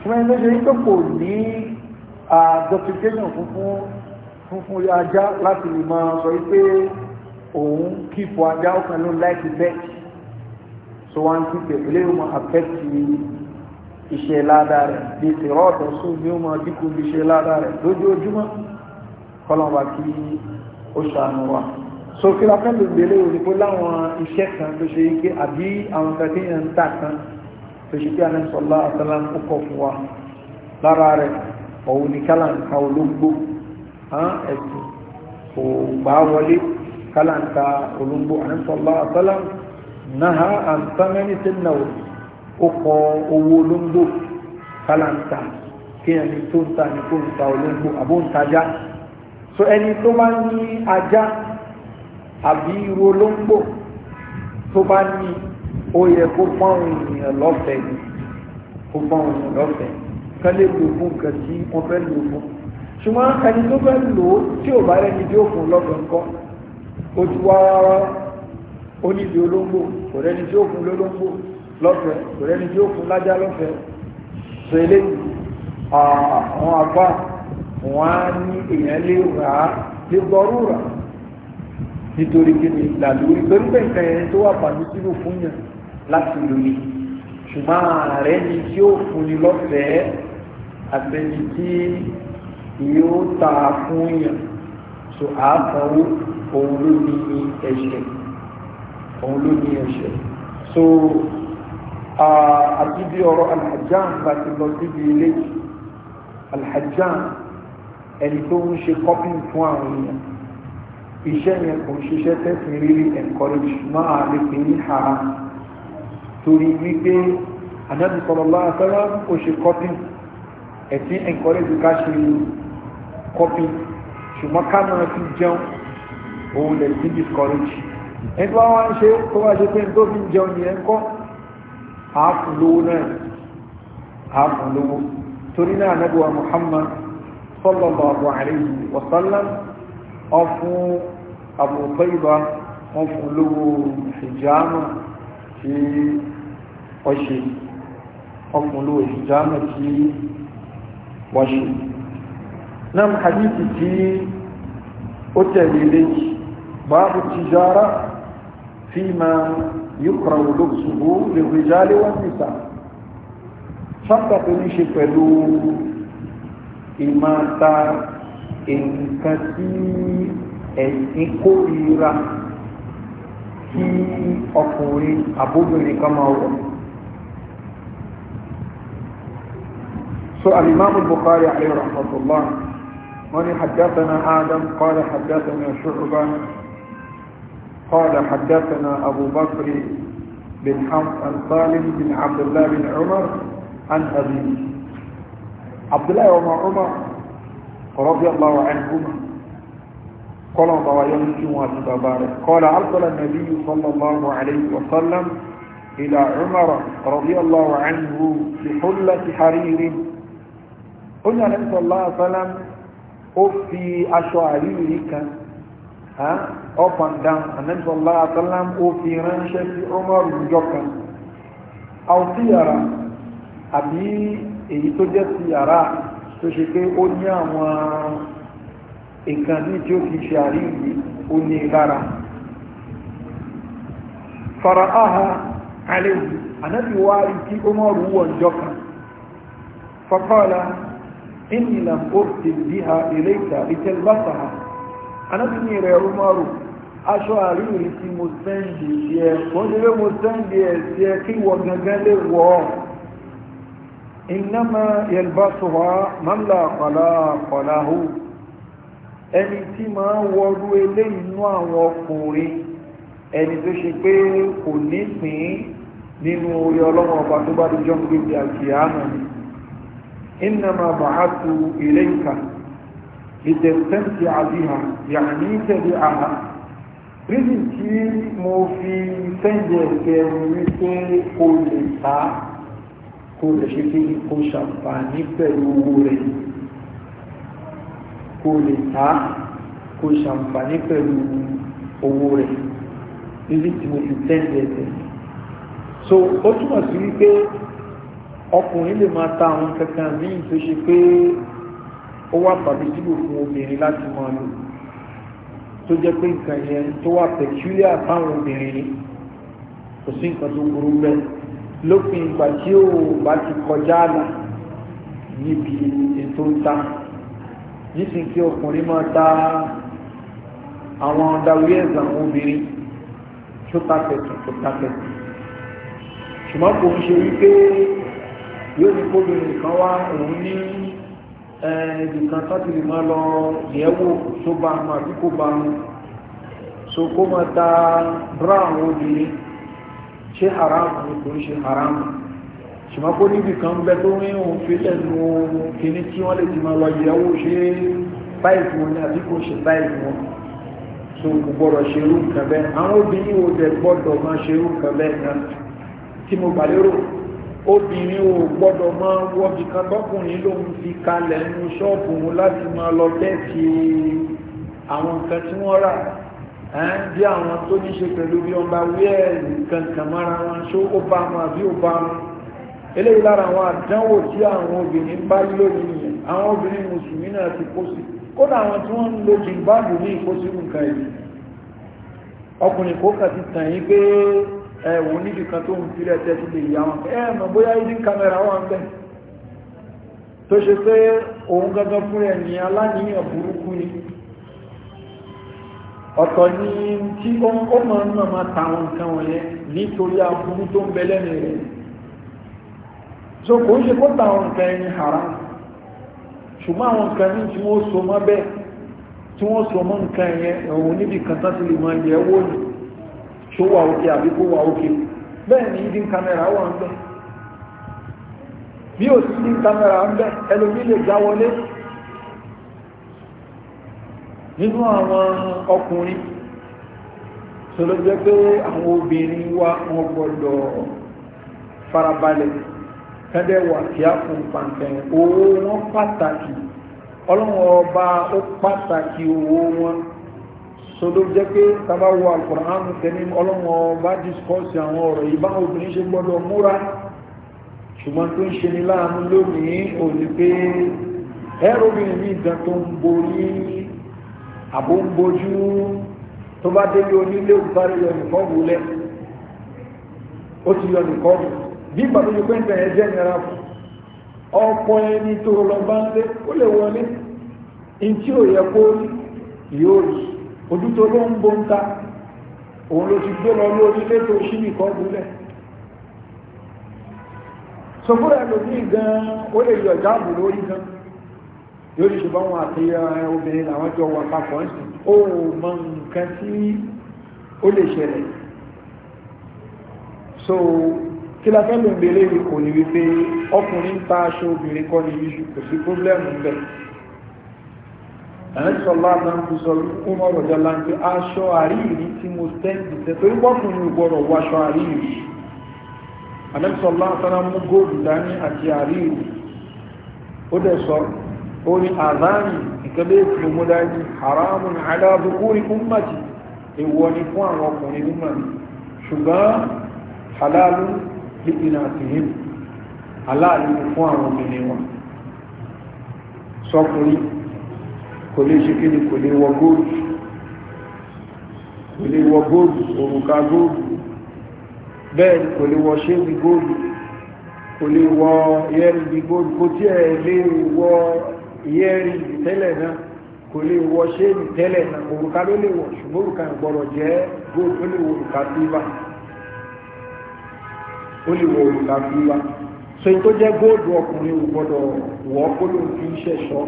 ṣùgbọ́n ilé ṣe pé kò ní àdọ́tíkéṣàn funfun funfun ajá láti lè máa sọ wípé òun kífò ajá ọkàn ló láìpì bẹ́ẹ̀ so wọ́n ti pè pé léwu máa fẹ́ẹ̀tì iṣẹ́ ládàá rẹ̀ bí tèrọ ọ̀tọ̀ sùn ní ó máa dínkù bí iṣẹ́ ládàá rẹ̀ lójoojúmọ́ kọ́lọ́mọba kí ó ṣàánú wa so kí la fẹ́ lè gbélé òní pé láwọn iṣẹ́ kan tó ṣe ike àbí àwọn kẹkẹ́yàn ń tà kan fèṣìkí àníṣọ́lá àtàlá púpọ̀ fún wa lára rẹ̀ ọ̀hún ní kálàǹkà olóngbò ẹ̀sìn kò gbà wọlé kálàǹkà olóngbò àníṣọ́lá àtàlá náà àǹtàmẹ́ni tí náà ó kọ owó olóngbò kálàǹkà kí ẹni tó ń ta ní kó ń ta olóngbò àbóǹtajá so ẹni tó bá ní ajá àbí irú olóngbò tó bá ní ó yẹ kó pọ́n ènìyàn lọ́fẹ̀ẹ́ ni kó pọ́n ènìyàn lọ́fẹ̀ẹ́ ká lè lò fún nǹkan tí wọ́n fẹ́ lò fún ṣùgbọ́n ẹni tó fẹ́ lò ó tí ò bá rẹni tí ó fún lọ́fẹ̀ẹ́ ńkọ́ ó ti wá ó níbi olóńgbò kò rẹni tí ó fún lólóńgbò lọ́fẹ̀ẹ́ kò rẹni tí ó fún lájá lọ́fẹ̀ẹ́ sọ eléyìí àwọn àgbà wọn á ní èèyàn lè rà lè gbọ́rú rà nítorí kí ni làlúrí pẹ̀lú pẹ̀lú ẹni tó wà pàmí sínú fún yàn láti lórí ṣùgbọ́n ààrẹ ni tí ó fúnni lọ́fẹ̀ẹ́ àtẹni tí yóò ta fún yàn so àásanwó òun ló ní ẹ̀ṣẹ̀ òun ló ní ẹ̀ṣẹ̀ so àti bí ọ̀rọ̀ alhajjan bá ti lọ síbi ilé alhajjan ẹni tó ń ṣe kọ́pìn fún àwọn èèyàn iṣẹ́ yẹn kò ń ṣiṣẹ́ tẹ́sìn rírí encourage máa lè pè ní haram torí wípé anábì sallallahu alaihi wasallam ó ṣe kọ́pì ẹ̀tí encourage ká ṣe kọ́pì ṣùgbọ́n ká máa fi jẹun òun lè ti discourage ẹni wá wá ń ṣe tó wá ṣe pé tó fi ń jẹun yẹn kọ́ àáfù lówó náà àáfù lówó torí náà anábì wa Muhammad sallallahu alaihi wasallam ọ̀fun Abu Tayba wọ́n fún lówó hijama tí wọ́n ṣe ọkùnlò ìjámà tí wọ́n ṣe náà hadithi tí ó tẹ̀lé léjì báàbù tìjára fi ma yíkọ̀rọ̀ olóòsùgbò lè rí jálé wọ́n nìta sábà tó ní ṣe pẹ̀lú ìmáta nǹkan tí ẹ̀sìn kórìíra tí ọkùnrin àbóbìnrin kan máa wọ̀. so alimami bukari alayhi rahmatullah wọ́n ní hajjátana adam qala hajjátana Shu'ba qala hajjátana abubakar bin hamd an salim bin abdullah bin umar an abi abdullah wa umar radiyallahu anhuma kọ́lọ̀n bá wáyé ní kí wọ́n àti bàbá rẹ̀ kọ́lá arsala nabiyyu sallallahu alayhi wa sallam ila umar radiyallahu anhu bi hullati haririn ó ní àlẹ́ sallallahu alayhi wa sallam ó fi aṣọ àríyìn kan up and down àlẹ́ sallallahu alayhi wa sallam ó fi ránṣẹ́ sí umar níjọ́ kan àwòtíyàrá àbí èyí tó jẹ́ ti yàrá tó ṣe pé ó ní àwọn nǹkan ní tí ó fi ṣe àríyí ó ní lára fara'aha aléwù anábi wá rí tí ó mọ́ rú wọn jọka faqala inni lam urti biha ilayka litalbasaha anábi ní rẹ̀ ó mọ́ rú aṣọ àríyí tí mo sẹ́ndì ẹ̀ wọ́n ṣe pé mo sẹ́ndì ẹ̀ sí ẹ kí wọ gangan lè wọ̀ ọ́ innama yalbasuha man la khalaqa lahu ẹni tí máa ń wọrú ilé inú àwọn ọkùnrin ẹni tó ṣe pé kò nípìn nínú orí ọlọ́wọ́n ọba tó bá dijọ́ ń gbébi àkìyàmù ni innama bàátù ilayka ìtẹ̀sẹ̀ǹtì àbíhà yàní tẹ̀lé àhà rídì tí mo fi fẹ́ǹdẹ̀ ẹ̀kẹ́ wípé kò lè ta kò lè ṣe kí kò pẹ̀lú owó rẹ̀ kó lè ta kó ṣàǹfààní pẹ̀lú owó rẹ̀ níbi tí mo fi tẹ́ǹdì ẹ̀tẹ̀ so ó túmọ̀ sí wípé ọkùnrin lè máa ta àwọn kankan míì tó ṣe pé ó wà tàbí síbò fún obìnrin láti máa lò tó jẹ́ pé nǹkan yẹn tó wà peculiar fáwọn obìnrin kò sí nǹkan tó burú bẹ́ẹ̀ lópin ìgbà tí ó bá ti kọjá àlà níbi ètò ń nísìn kí ọkùnrin máa ta àwọn darí ẹ̀sán obìnrin tó tàkẹ̀tù tó tàkẹ̀tù ṣùgbọ́n kò ń ṣe wípé yóò ní kóbìnrin kan wá òun ní ẹ̀ẹ́dùkan sátìrì máa lọ yẹ̀wò tó bá mu àbí kò bá mu so kó máa ta bra àwọn obìnrin ṣé haram ni kò ń ṣe haram ni ṣùgbọ́n kó níbi kan bẹ tó rí òun fi lẹ́nu kìíní tí wọ́n lè ti máa lọ ìyàwó ṣe báyìí wọn ní àbí kò ṣe báyìí wọn so kò gbọ́dọ̀ ṣe irú nǹkan bẹ́ẹ̀ àwọn obìnrin ò dẹ̀ gbọ́dọ̀ máa ṣe irú nǹkan bẹ́ẹ̀ kan tí mo gbà lérò obìnrin ò gbọ́dọ̀ máa wọ bìkan tọkùnrin lòun fi kalẹ̀ nínú ṣọ́ọ̀bù wọn láti máa lọ tẹ́ẹ̀kì àwọn nǹkan tí wọ́n rà bí àwọn tó ní ṣe pẹ̀lú bí wọ́n bá wí ẹ̀ nǹkan kàmára wọn ṣó ó bá wọn àbí ó bá wọn eléyìí lára àwọn àdánwò tí àwọn obìnrin bá lónìí yẹn àwọn obìnrin mùsùlùmí náà ti kó sí kódà àwọn tí wọ́n ń lo jìbáàbù ní ìkósí nǹkan ìlú ọkùnrin kó kà ti tàn yín pé ẹ̀wù níbi kan tó ń filẹ̀ tẹ́tí lè yá wọn ẹ̀ mọ̀ bóyá ìdí kámẹ́rà wà ń tó ṣe pé òun gangan fún ẹ̀ ní aláníyàn burúkú ni ọ̀tọ̀ ni tí ó mọ̀ ń mọ̀ máa so kò ń ṣe àwọn nǹkan ẹni haram ṣùgbọ́n àwọn nǹkan ní tí wọ́n so mọ́ bẹ́ẹ̀ tí wọ́n so mọ́ nǹkan ẹ̀yẹn ẹ̀wọ̀n níbi kan tán lè máa yẹ owó ni ṣó wà òkè àbí kó wà òkè bẹ́ẹ̀ ni ìdí kamẹ́rà wà ń bẹ́ bí ò sí kamẹ́rà ń bẹ́ ẹlòmí lè wa wọn gbọ́dọ̀ kẹ́dẹ̀ wà kí á fún pàǹtẹ̀ owó wọn pàtàkì ọlọ́wọ́n ọba ó pàtàkì owó wọn so ló jẹ́ pé tábà wọ alukoran tẹ́ni ọlọ́wọ́n ọba discourse àwọn ọ̀rọ̀ yìí báwọn obìnrin ṣe gbọ́dọ̀ múra ṣùgbọ́n tó ń ṣe ní láàánú lónìí ò ní pé ẹ̀rọ obìnrin ní ìdán tó ń borí àbó ń bojú tó bá délé onílé òkúta rẹ̀ yọ nìkan wulẹ̀ ó ti yọ nìkan wulẹ̀ bí pàtàkì pẹ́ntẹ̀ ẹ jẹ́ nira fún ọ̀pọ̀ ẹni tó lọ bá ń lé ó lè wọlé in tí ò yẹ kó yóò rí ojú tó ló ń bó ń ta òun ló ti gbé lọ lórí ilé tó ṣí nìkan gúnlẹ̀ sọ fún ẹ lòmí gan ó lè yọ jáàbù lórí gan yóò ṣe bá wọn àti obìnrin làwọn jọ wà papọ̀ ń sìn ó mọ nǹkan tí ó lè ṣẹlẹ̀ so kí la fẹ́ ló ń belé yìí kò ní wípé ọkùnrin ń ta aṣọ obìnrin kọ́ ní iṣu kò sí pọ́blẹ́mù bẹ́ẹ̀ ẹ̀rẹ́ sọ láàbá ń sọ fún ọ̀rọ̀ jọlá pé aṣọ àríyìí tí mo tẹ́ǹdì tẹ́ torí pọ́kùnrin ìgbọ́rọ̀ wọ aṣọ àríyìí ẹ̀rẹ́ sọ láàbá mú góòlù dání àti àríyìí ó ní ìlànà tìhìn aláàrin fún àwọn obìnrin wọn sọkùnrin kò lè ṣe kíni kò lè wọ góòlù kò lè wọ góòlù òrùka góòlù bẹ́ẹ̀ kò lè wọ ṣébi góòlù kò lè wọ yẹ́rì bí góòlù kò tí ẹ̀ lè wọ yẹ́rì tẹ́lẹ̀ náà kò lè wọ ṣébi tẹ́lẹ̀ náà òrùka ló lè wọ ṣùgbọ́n òrùka ìgbọ̀rọ̀ jẹ́ góòlù ó lè wọ òrùka tí bá ó lè wọ òrùka bí wa so èyí tó jẹ́ góòdù ọkùnrin ò gbọ́dọ̀ wọ́ kó ló fi ń ṣẹ̀ṣọ́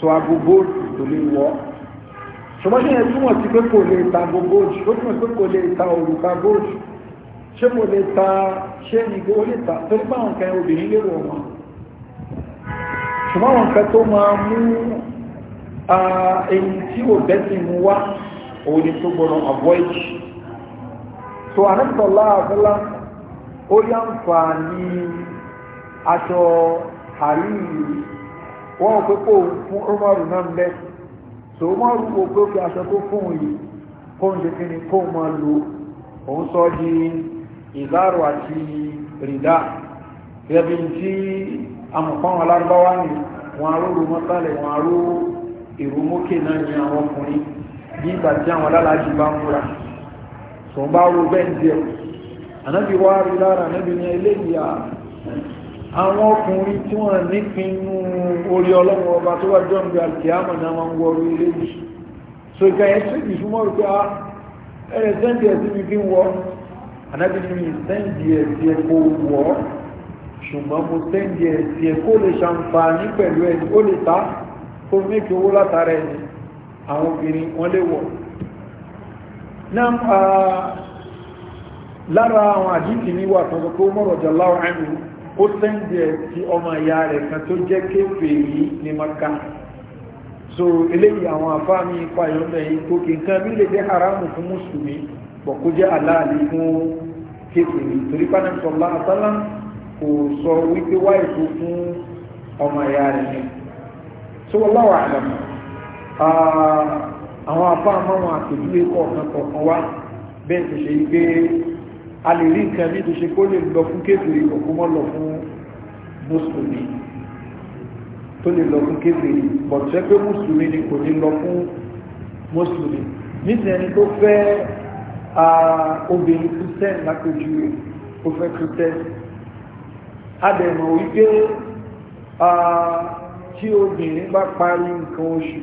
so aago góòdù kò lè wọ́ ṣùgbọ́n ṣe yẹn túmọ̀ sí pé kò lè ta aago góòdù ó túmọ̀ sí pé kò lè ta òrùka góòdù ṣé mo lè ta ṣé ìgbé ó lè ta torí pé àwọn nǹkan obìnrin lè wọ̀ wọn ṣùgbọ́n àwọn nǹkan tó máa mú ẹni ah, tí ò bẹ́sìn mu wá òun ni tó gbọ́dọ̀ avoid so anamtọ́lá àfẹ́lá ó yá ń fa ní aṣọ àríyìn wọ́n pé kó fún Umaru náà bẹ́ so Umaru wo pé ó fi aṣọ tó fún yìí kó ń jẹ́kí ni kó máa lo òun sọ di ìdárò àti rìdá gẹ́bí tí amọ̀páwọn alárúbáwá ni wọn arú rúmọ́tálẹ̀ wọn arú ìrúmókè náà ní àwọn ọkùnrin nígbà tí àwọn alálàájì bá ń múra tó ń bá wo bẹ́ẹ̀ díẹ̀ ànábì wá rí lára ànábì ní eléyìí àwọn ọkùnrin tí wọ́n nípinnu orí ọlọ́run ọba tó wà jọ́ níbi alkiyama náà wọ́n ń wọrú eléyìí so ìka yẹn sí ìfúnmọ́ rẹ̀ pé ẹ̀rẹ̀ sẹ́ǹdì ẹ̀ sí mi kí ń wọ́ ànábì ní sẹ́ǹdì ẹ̀ sí ẹ̀ wọ́ ṣùgbọ́n mo sẹ́ǹdì ẹ̀ sí ẹ̀ lè ṣàǹfààní pẹ̀lú ẹni ó lè ta kó mẹ́kì owó látara ẹni àwọn obìnrin wọ́n lè wọ̀ na lára àwọn àjíkì ní wà tó kó mọ́rọ̀ jọláwọ́ àmì ó tẹ́ǹdẹ̀ tí ọmọ ìyá rẹ̀ kan tó jẹ́ kéfè yìí maka so eléyìí àwọn àfá mi pa tó kí nǹkan bí lè jẹ́ haramu fún musulmi bọ̀ kó jẹ́ aláàlì fún kéfè yìí torí sọ fún àwọn apá àmọ́wọn àpèjúwe kọ̀ọ̀kan kọ̀ọ̀kan wá bẹ́ẹ̀ tó ṣe pé a lè rí nǹkan ní tó ṣe kó lè lọ fún kéfèrè ọ̀kúnmọ́ lọ fún mùsùlùmí tó lè lọ fún kéfèrè bọ̀tẹ́ pé mùsùlùmí ni kò ní lọ fún mùsùlùmí nítorí ẹni tó fẹ́ obìnrin christian lápèjúwe ó fẹ́ christian adẹ̀mọ̀ wípé tí obìnrin bá parí nǹkan oṣù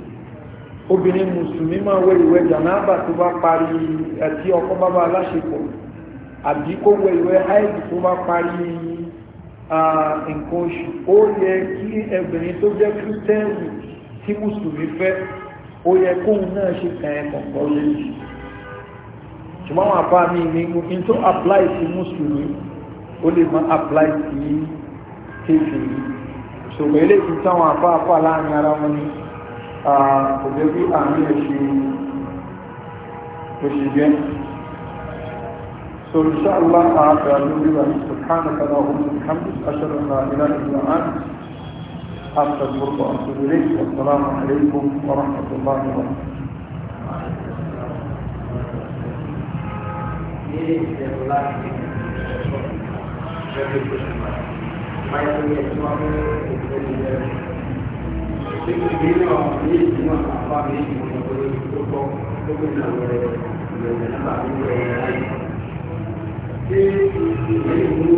obìnrin mùsùlùmí máa wẹ ìwẹ̀ jànáàbà tó bá parí ẹtí ọkọ bábá aláṣepọ̀ àbí kó wẹ ìwẹ̀ áìdì tó bá parí nǹkan oṣù ó yẹ kí ẹbìnrin tó jẹ́ kírísítẹ́nì tí mùsùlùmí fẹ́ ó yẹ kóun náà ṣe kàn ẹ́ kọ̀ọ̀kan lórí ṣùgbọ́n àwọn àbá mi ní in tó apply sí mùsùlùmí ó lè máa apply sí kéfì so eléyìí táwọn àbá àpá láàrin ara wọn ni. kò jẹ́ bí àmì òṣìṣẹ́ so insha Allah ààbẹ̀ alúgbìwà subhanaka Allahumma wa bihamdika ashhadu an la ilaha illa anta astaghfiruka wa atubu ilayk wa assalamu alaykum wa rahmatullahi wa barakatuh Thank you. Nam ìdílé náà ní ìdílé náà bá mi ní ìmọ̀ ìṣòro tó tọ́ tó kó nà rẹ̀ lọ́wọ́ nígbà tó rẹ̀ láyé. Ṣé ìwé ìlú ní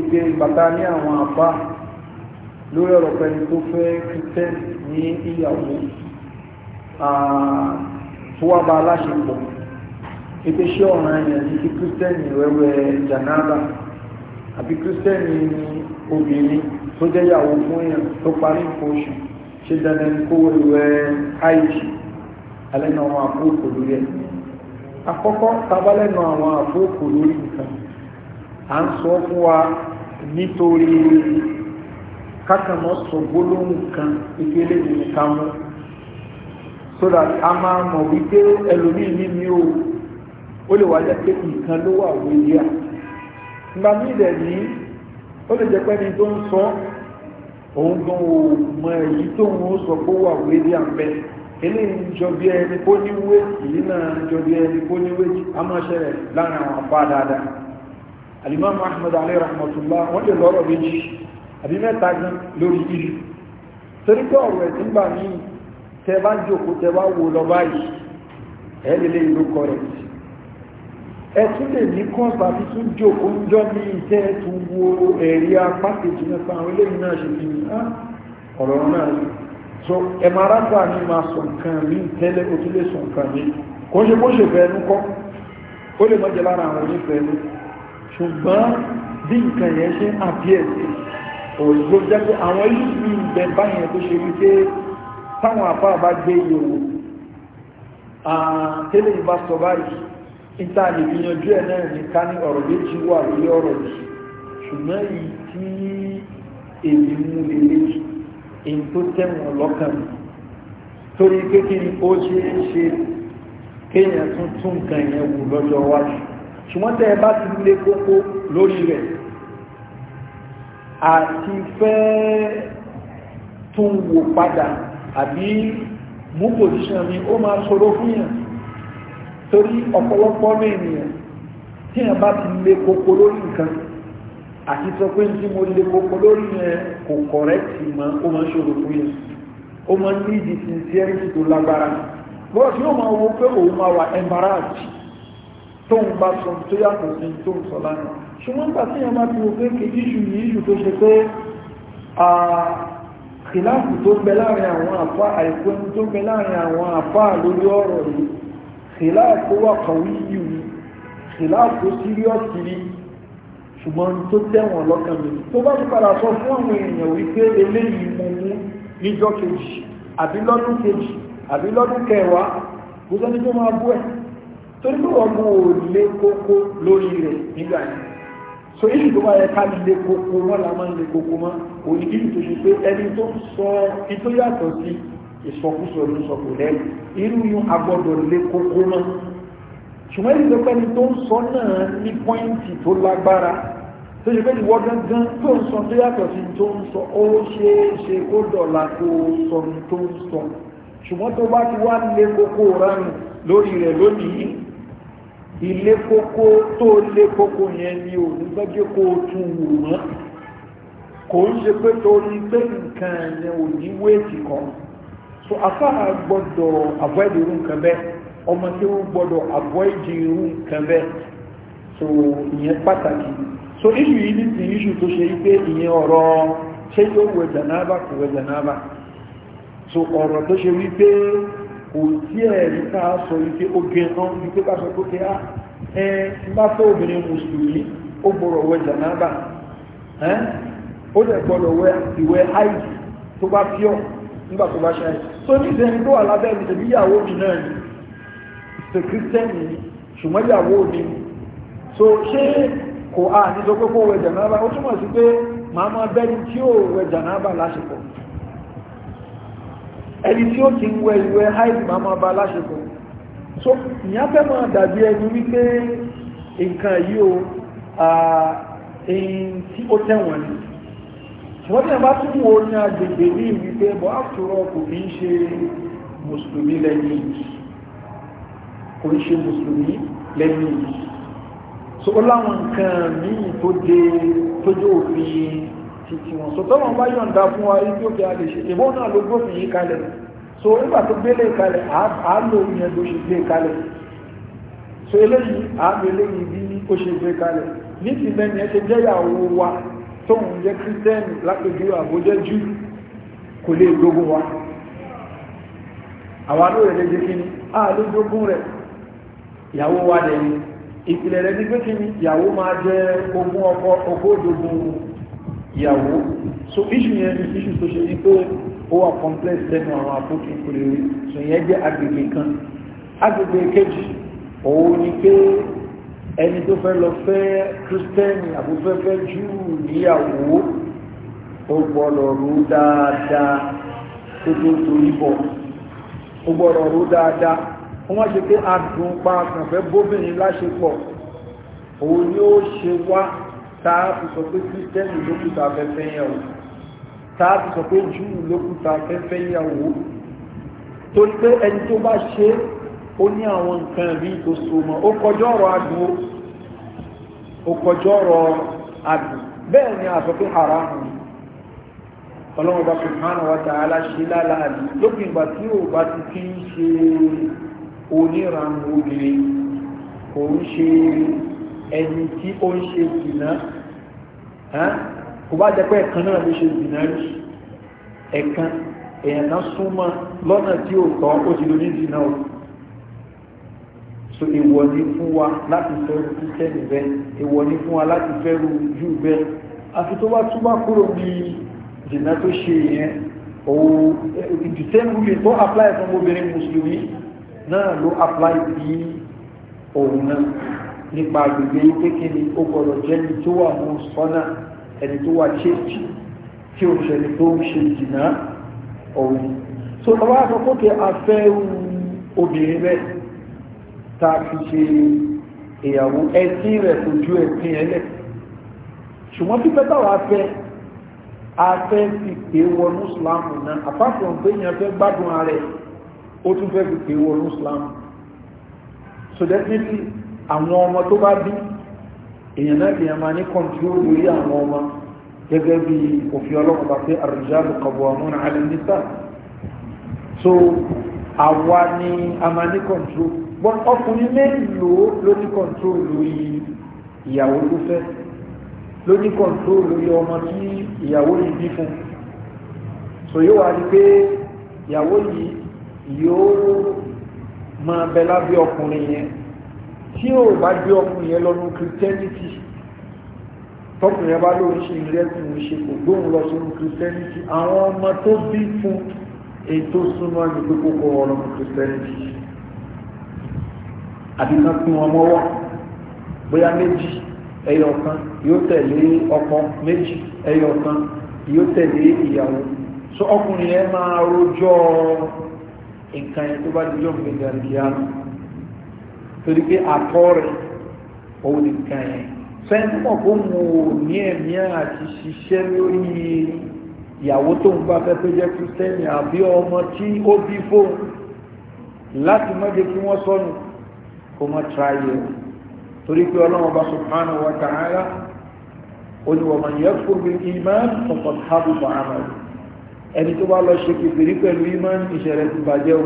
ìjọba bàtà ní àwọn àbá lórí ọ̀rọ̀ pẹ̀lú tó fẹ́ kíkẹ́ ní ìyàwó tó bá aláṣepọ̀. Ipe ọ̀ràn ẹ̀yàn ní kí kírísítẹ́nì wẹ́wẹ́ jànáàbà àbí kírísítẹ́nì ni obìnrin tó jẹ́yàwó fún èèyàn tó parí nǹkan oṣù ṣe dandan ní kó wẹ̀ àìjì alẹ́nu àwọn àfóòkò lórí ẹ̀ àkọ́kọ́ tabalẹ́nu àwọn àfóòkò lórí nǹkan à ń sọ fún wa nítorí kákàmọ́ sọ gbólóhùn kan ìpele ìrìn ká mú so that a máa mọ̀ wípé ẹlòmíì ní mi ò ó lè wájá pé nǹkan ló wà wíyá ìgbà mí ilẹ̀ ní ó lè jẹ́ pé ní tó ń sọ òun gan ò mọ èyí tó ń sọ pé wà wérí àbẹ eléyìí ń jọ bí ẹni kó ní wéjì yìí náà ń jọ bí ẹni kó ní wéjì á máa ṣẹlẹ̀ láàrin àwọn afá dáadáa alimami ìlú kọrẹ̀tì ẹtún lè ní kọ́ọ̀bà tí tún jò oúnjọ́ ní iṣẹ́ tún wo ẹ̀rí apákejì nípa àwọn ilé náà ṣe fi ọ̀rọ̀ náà rí so ẹmarapa ni ma sọ nǹkan tẹ́lẹ̀ o tún lè sọ nǹkan mi kò ń ṣe bó ṣe fẹ́ẹ́nu kọ́ ó lè mọ́jẹ lára àwọn onífẹ́ẹ́nu ṣùgbọ́n bí nǹkan yẹn ṣe ń àbíẹ̀sì òyìnbó jẹ́ pé àwọn ìlú mi ń bẹ báyẹn tó ṣe wípé níta lè gbìyànjú ẹ̀ náà ní ní ọ̀rọ̀ méjì wà lórí ọ̀rọ̀ yìí ṣùgbọ́n èyí tí èmi mú lélẹ̀ yìí èyí tó tẹ̀wọ̀n lọ́kàn mi torí pé ni ó ṣe é ṣe kéèyàn tún tún nǹkan yẹn wò lọ́jọ́ iwájú ṣùgbọ́n tẹ́ ẹ bá ti lé kókó lórí rẹ̀ àti fẹ́ tún wò padà àbí mú pòsíṣàn mi ó máa ṣòro fún yàn torí ọ̀pọ̀lọpọ̀ ní ènìyàn tí èèyàn bá ti lé koko lórí nǹkan àti sọ pé tí mo lé koko lórí yẹn kò kọ̀rẹ́tì mọ́ ó máa ń ṣòro fún yẹn ó máa ń ní ìdí sincerity tó lágbára bọ́ọ̀ tí ó máa wo pé òun máa wà embarrassed tóun bá sọ tó yàtọ̀ sí tóun sọ lánàá ṣùgbọ́n nígbà tí èèyàn bá ti wo pé kejì ìṣù yìí ìṣù tó ṣe pé kìláàfù tó ń láàrin àwọn àfáà àìkú ẹni tó ń láàrin àwọn àfáà lórí ọ̀rọ̀ yìí kìláàfó wà kọ̀wé yìí ni kìláàfó síríọ́sì ni ṣùgbọ́n tó tẹ̀wọ̀n lọ́kàn mi tó bá ti padà sọ fún àwọn èèyàn wípé eléyìí mo mú níjọ́ kejì àbí lọ́dún kejì àbí lọ́dún kẹwàá kò sẹ́ni tó máa bú ẹ̀ torí pé ọmọ ò lé kókó lórí rẹ̀ nígbà yẹn so èyí tó wáyé ká lè kókó wọn la máa ń lè kókó mọ́ òní kí n tó ṣe pé ẹni tó sọ ìtó yàtọ̀ sí ìsọkúsọ ló sọ kò lẹ́nu irú yún agbọ́dọ̀ lé kókó mọ́ ṣùgbọ́n ìlú pẹ́ni tó ń sọ náà ní pọ́ìntì tó lágbára tó ṣe pé ìwọ gangan tó ń sọ tó yàtọ̀ sí tó ń sọ ó ṣe é ṣe kó dọ̀la tó sọ tó ń sọ ṣùgbọ́n tó bá ti wá lé kókó ránù lórí rẹ̀ lónìí ilé kókó tó lé kókó yẹn ni ò ní gbẹ́jẹ́ kó o tún wù wọ́n kò ń ṣe pé torí pé nǹkan yẹn ò ní wéètì kan so afa gbọ́dọ̀ avoid irú nǹkan bẹ́ẹ̀ ọmọ tí ó gbọ́dọ̀ avoid irú nǹkan bẹ́ẹ̀ so ìyẹn pàtàkì so iṣu yìí ní ti iṣu tó ṣe pé ìyẹn ọ̀rọ̀ ṣé yóò wẹ̀ jànáàbà kò wẹ̀ jànáàbà so ọ̀rọ̀ tó ṣe wípé kò tí ẹ̀rí ká sọ wípé ó gẹ náà wípé ká sọ pé kí ah, á ẹ bá fẹ́ obìnrin mùsùlùmí ó gbọ́dọ̀ wẹ̀ jànáàbà ó dẹ̀ gbọ́dọ̀ wẹ̀ ìwẹ̀ áìsì tó bá pure nígbà tó bá ṣáyé tó ní ìdẹni tó wà lábẹ́ mi tẹ̀lé ìyàwó mi náà ni the christian ni ṣùgbọ́n ìyàwó mi ni so ṣé kò a ní sọ pé kó wẹ jànáàbà ó túmọ̀ sí pé màá máa bẹ́ni tí ó wẹ jànáàbà láṣepọ̀ ẹni tí ó ti ń wẹ ìwẹ haid màá máa bá láṣepọ̀ so ìyá fẹ́ máa dàbí ẹni wípé nǹkan yìí ó tẹ̀wọ̀n ni wọ́n tẹ́ bá tún wo ní agbègbè ní ìwípé bọ́ àtúrọ kò ní ṣe mùsùlùmí lẹ́yìn kò ní ṣe mùsùlùmí lẹ́yìn so ó láwọn nǹkan míì tó dé tójú òfin títí wọn so tọ́wọ́n bá yọ̀ǹda fún wa ibi òkè a lè ṣe ìbọn náà ló gbófin yìí kalẹ̀ so nígbà tó gbélé kalẹ̀ àá lò yẹn ló ṣe gbé kalẹ̀ so eléyìí àá lò eléyìí bí ó ṣe gbé kalẹ̀ ní ti bẹ́ẹ̀ ni ẹ ṣe jẹ́yàwó wa tóun jẹ́ kírísítẹ́nì lápẹjú àbójẹ́ jù kò lè gbógun wa àwọn alóòrẹ̀ lè jẹ́ kí ni a ló gbógun rẹ̀ ìyàwó wa dẹ̀ ni ìpìlẹ̀ rẹ̀ ní pé kí ni ìyàwó máa jẹ́ ogún ọkọ ogójogún ìyàwó so issue ni issue tó ṣe ní pé ó wà complex lẹ́nu àwọn àpótí kúrẹ́rẹ́ so yẹn jẹ́ agbègbè kan ẹni tó fẹ́ lọ fẹ́ kírísítẹ́nì àbúfẹ́fẹ́ júù níyàwó ó gbọ́dọ̀ rú dáadáa tó tó torí bọ̀ ó gbọ́dọ̀ rú dáadáa wọ́n wá ṣe pé adùn pa àkànfẹ́ bóbìnrin láṣepọ̀ òun ni ó ṣe wá táàbù sọ pé kírísítẹ́nì lókùtà afẹ́fẹ́ yẹ̀wò táàbù sọ pé júù lókùtà afẹ́fẹ́ yẹ̀wò torí pé ẹni tó bá ṣe é ó ní àwọn nǹkan bí tó so mọ́ ó kọjọ́ ọ̀rọ̀ adùn ó kọjọ́ ọ̀rọ̀ adùn bẹ́ẹ̀ ni àsọ pé haramu ọlọ́run bá subhanahu wa ta'ala ṣe láláàlú lópin ìgbà tí ò bá ti fi ń ṣe oníranú obìnrin ẹ̀kan èèyàn náà súnmọ́ lọ́nà tí ò tọ́ ó ti lóní ìdìnà o so ìwọ ni fún wa láti fẹ́rù kírísítẹ́nì bẹ́ẹ̀ ìwọ ni fún wa láti fẹ́rù jù bẹ́ẹ̀ àfi tó bá túbá kúrò ní ìdènà tó ṣe yẹn òun ìdìtẹ́nu eh, lè tó apply fún obìnrin mùsùlùmí náà ló apply bí òun náà nípa agbègbè kékeré ó gbọdọ̀ jẹ́ ní tó wà mú sọ́nà ẹni tó wà chéèjì tí ó ṣẹlẹ̀ tó ń ṣe ìdìnà òun so ọba àkọ́kọ́ kí a fẹ́ obìnrin bẹ́ẹ̀ tá a fi ṣe ìyàwó ẹ̀sìn rẹ̀ kò ju ẹ̀sìn ẹlẹ̀ ṣùgbọ́n fífẹ́ táwa fẹ́ a fẹ́ fi pè wọnú ìsìlámù náà àpapọ̀ pé fẹ́ gbádùn ààrẹ ó tún fẹ́ fi pè wọnú ìsìlámù so definitely àwọn ọmọ tó bá bí èèyàn náà fi yàmà ní kọ̀ǹtúrò lórí àwọn ọmọ gẹ́gẹ́ bí òfin ọlọ́pàá bá pé àrùjálù qawwamuna 'ala an-nisa so àwa ni a máa ní kọ̀ǹtúrò but ọkùnrin mélòó ló ní control lórí ìyàwó tó fẹ́ ló ní control lórí ọmọ tí ìyàwó yìí bí fún so yóò wá rí pé ìyàwó yìí yóò máa bẹ lábẹ́ ọkùnrin yẹn tí ò bá gbé ọkùnrin yẹn lọ́nu christianity tọkùnrin bá lóun ṣe ìrẹ́sìn ń ṣe kò gbóhùn lọ sínú christianity àwọn ọmọ tó bí fún ètò súnmọ́ ní pé kókó ọlọ́run christianity àbí kan fún wọn mọ́wọ́ bóyá méjì ẹyọ kan yóò tẹ̀lé ọkọ méjì ẹyọ kan yóò tẹ̀lé ìyàwó so ọkùnrin yẹn máa rojọ́ nǹkan yẹn tó bá di yóò gbẹ̀dẹ̀ àríyánu torí pé àtọ́ rẹ̀ òun nìkan yẹn sẹ́ńtọ̀ kó mu ní ẹ̀mí àti ṣiṣẹ́ lórí ìyàwó tó ń bá fẹ́ tó jẹ́ kristẹni àbí ọmọ tí ó bí fóun láti mọ́jẹ́ kí wọ́n sọnù kó mọ́ tíráyé o torí pé ọlọ́run bá subhanahu wa ta'ala oníwọ̀mọ̀ yẹn fún mi iman ọ̀pọ̀ tábù bọ̀ àmọ́ ẹni tó bá lọ ṣe kékeré pẹ̀lú iman ìṣẹ̀lẹ̀ ti bàjẹ́ o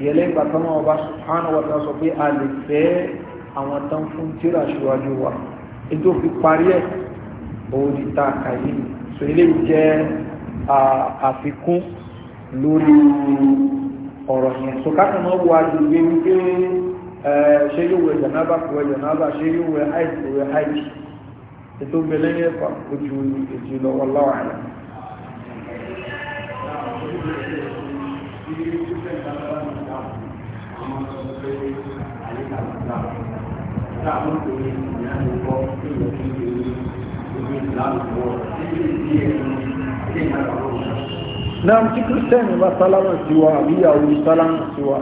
ìyẹlẹ́ ìgbà tán wọn bá subhanahu wa ta'ala sọ pé a lè fẹ́ àwọn tán fún tíra ṣíwájú wa ètò òfin parí ẹ̀ òun ni ta kàyé so eléyìí jẹ́ àfikún lórí ọ̀rọ̀ yẹn so kákan náà wo agbègbè wípé ṣe yóò wẹ̀ jẹ̀nàbà kò wẹ̀ jẹ̀nàbà ṣe yóò wẹ̀ ètò ìgbẹ̀lẹ̀ yẹn pa ojú ètò ìlọ́wọ́ láwà rẹ̀. Náà tí bá sálámà sí wa, sálámà sí wa.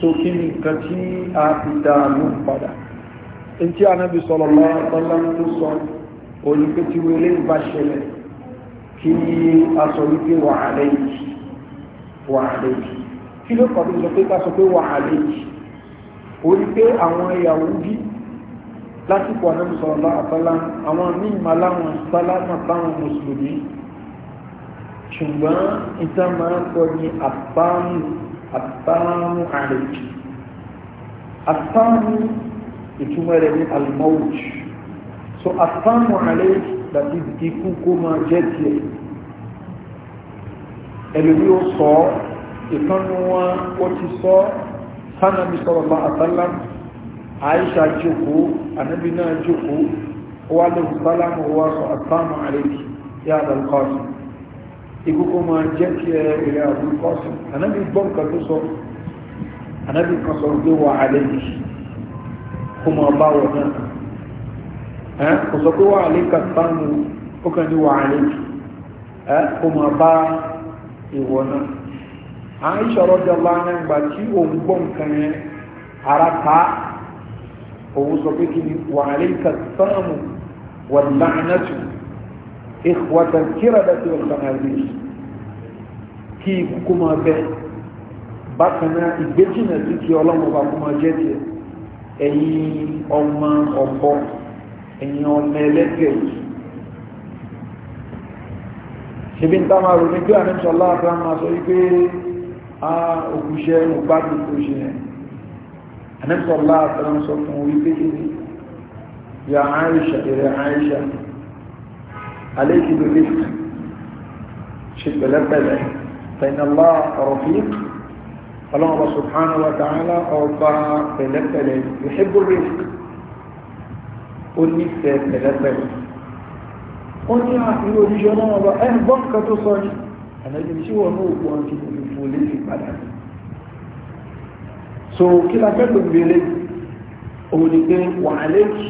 so kí ni nǹkan tí a fi dáàmú padà in tí anábi sallallahu alaihi wasallam tó sọ olùkẹ́ tí wọ́n lè bá ṣẹlẹ̀ kí a sọ wípé wà á lẹ́yìn wà á lẹ́yìn kí ló kọ̀ tó sọ pé ká sọ pé wà á lẹ́yìn orí pé àwọn ìyàwó bí lásìkò anábi sallallahu alaihi wasallam àwọn míì máa láwọn sálámà báwọn mùsùlùmí ṣùgbọ́n ìtàn ń sọ ní àbámu àtàmù àlejò àtàmù ìtumọ̀ rẹ̀ ní alimọ́wùjì so àtàmù àlejò dàbí ikú kó máa jẹ́ tiẹ̀ ẹlòmí ó sọ ìkànnì wọn ó ti sọ sanabi sọ̀rọ̀ bá àtàlámù aisha jókòó anabi náà jókòó wà lóhùn sálámù wà sọ àtàmù àlejò yá àdàlùkọ́sùn ìkókó máa jẹ́ kí ẹ ìrẹ́ àbúrú kọ́sùn anábì gbọ́ nǹkan tó sọ anábì kan sọ pé wà alẹ́ yìí kó máa bá wọ̀ náà kò sọ pé wà alẹ́ kan sáàmù ó kàn ní wà alẹ́ yìí kó máa bá ìwọ náà àìṣọ́ rọ́jọ́ bá ń gbà tí òun gbọ́ yẹn ara ta òun sọ pé kí ni wà alẹ́ kan sáàmù wà lánàá tù ikhwata al-qiradati wal-khanazir kí ikú kó máa bẹ bákan náà ìgbéjìnà sí kí ọlọ́run ọba kó máa jẹ́ tiẹ̀ ẹ̀yin ọmọ ọ̀bọ ẹ̀yin ọmọ ẹlẹ́gbẹ̀ẹ́ yìí ṣebí ń táwọn arò ní pé àníṣọ́ aláàbá máa sọ wípé a òkúṣẹ́ ògbádùn tó ṣe yẹn àníṣọ́ aláàbá sọ fún wípé yà Aisha èrè Aisha عليك بالرفق شد لبلا فإن الله رفيق الله سبحانه وتعالى أوبا بلبلا يحب الرفق قل نفسي بلبلا قل يا أخي الجنوب أه بكة صلي أنا جمشي ونوب وأنت تقولي في بلد so kí la fẹ́ lò ń bèrè òun ni pé wàhálẹ́kì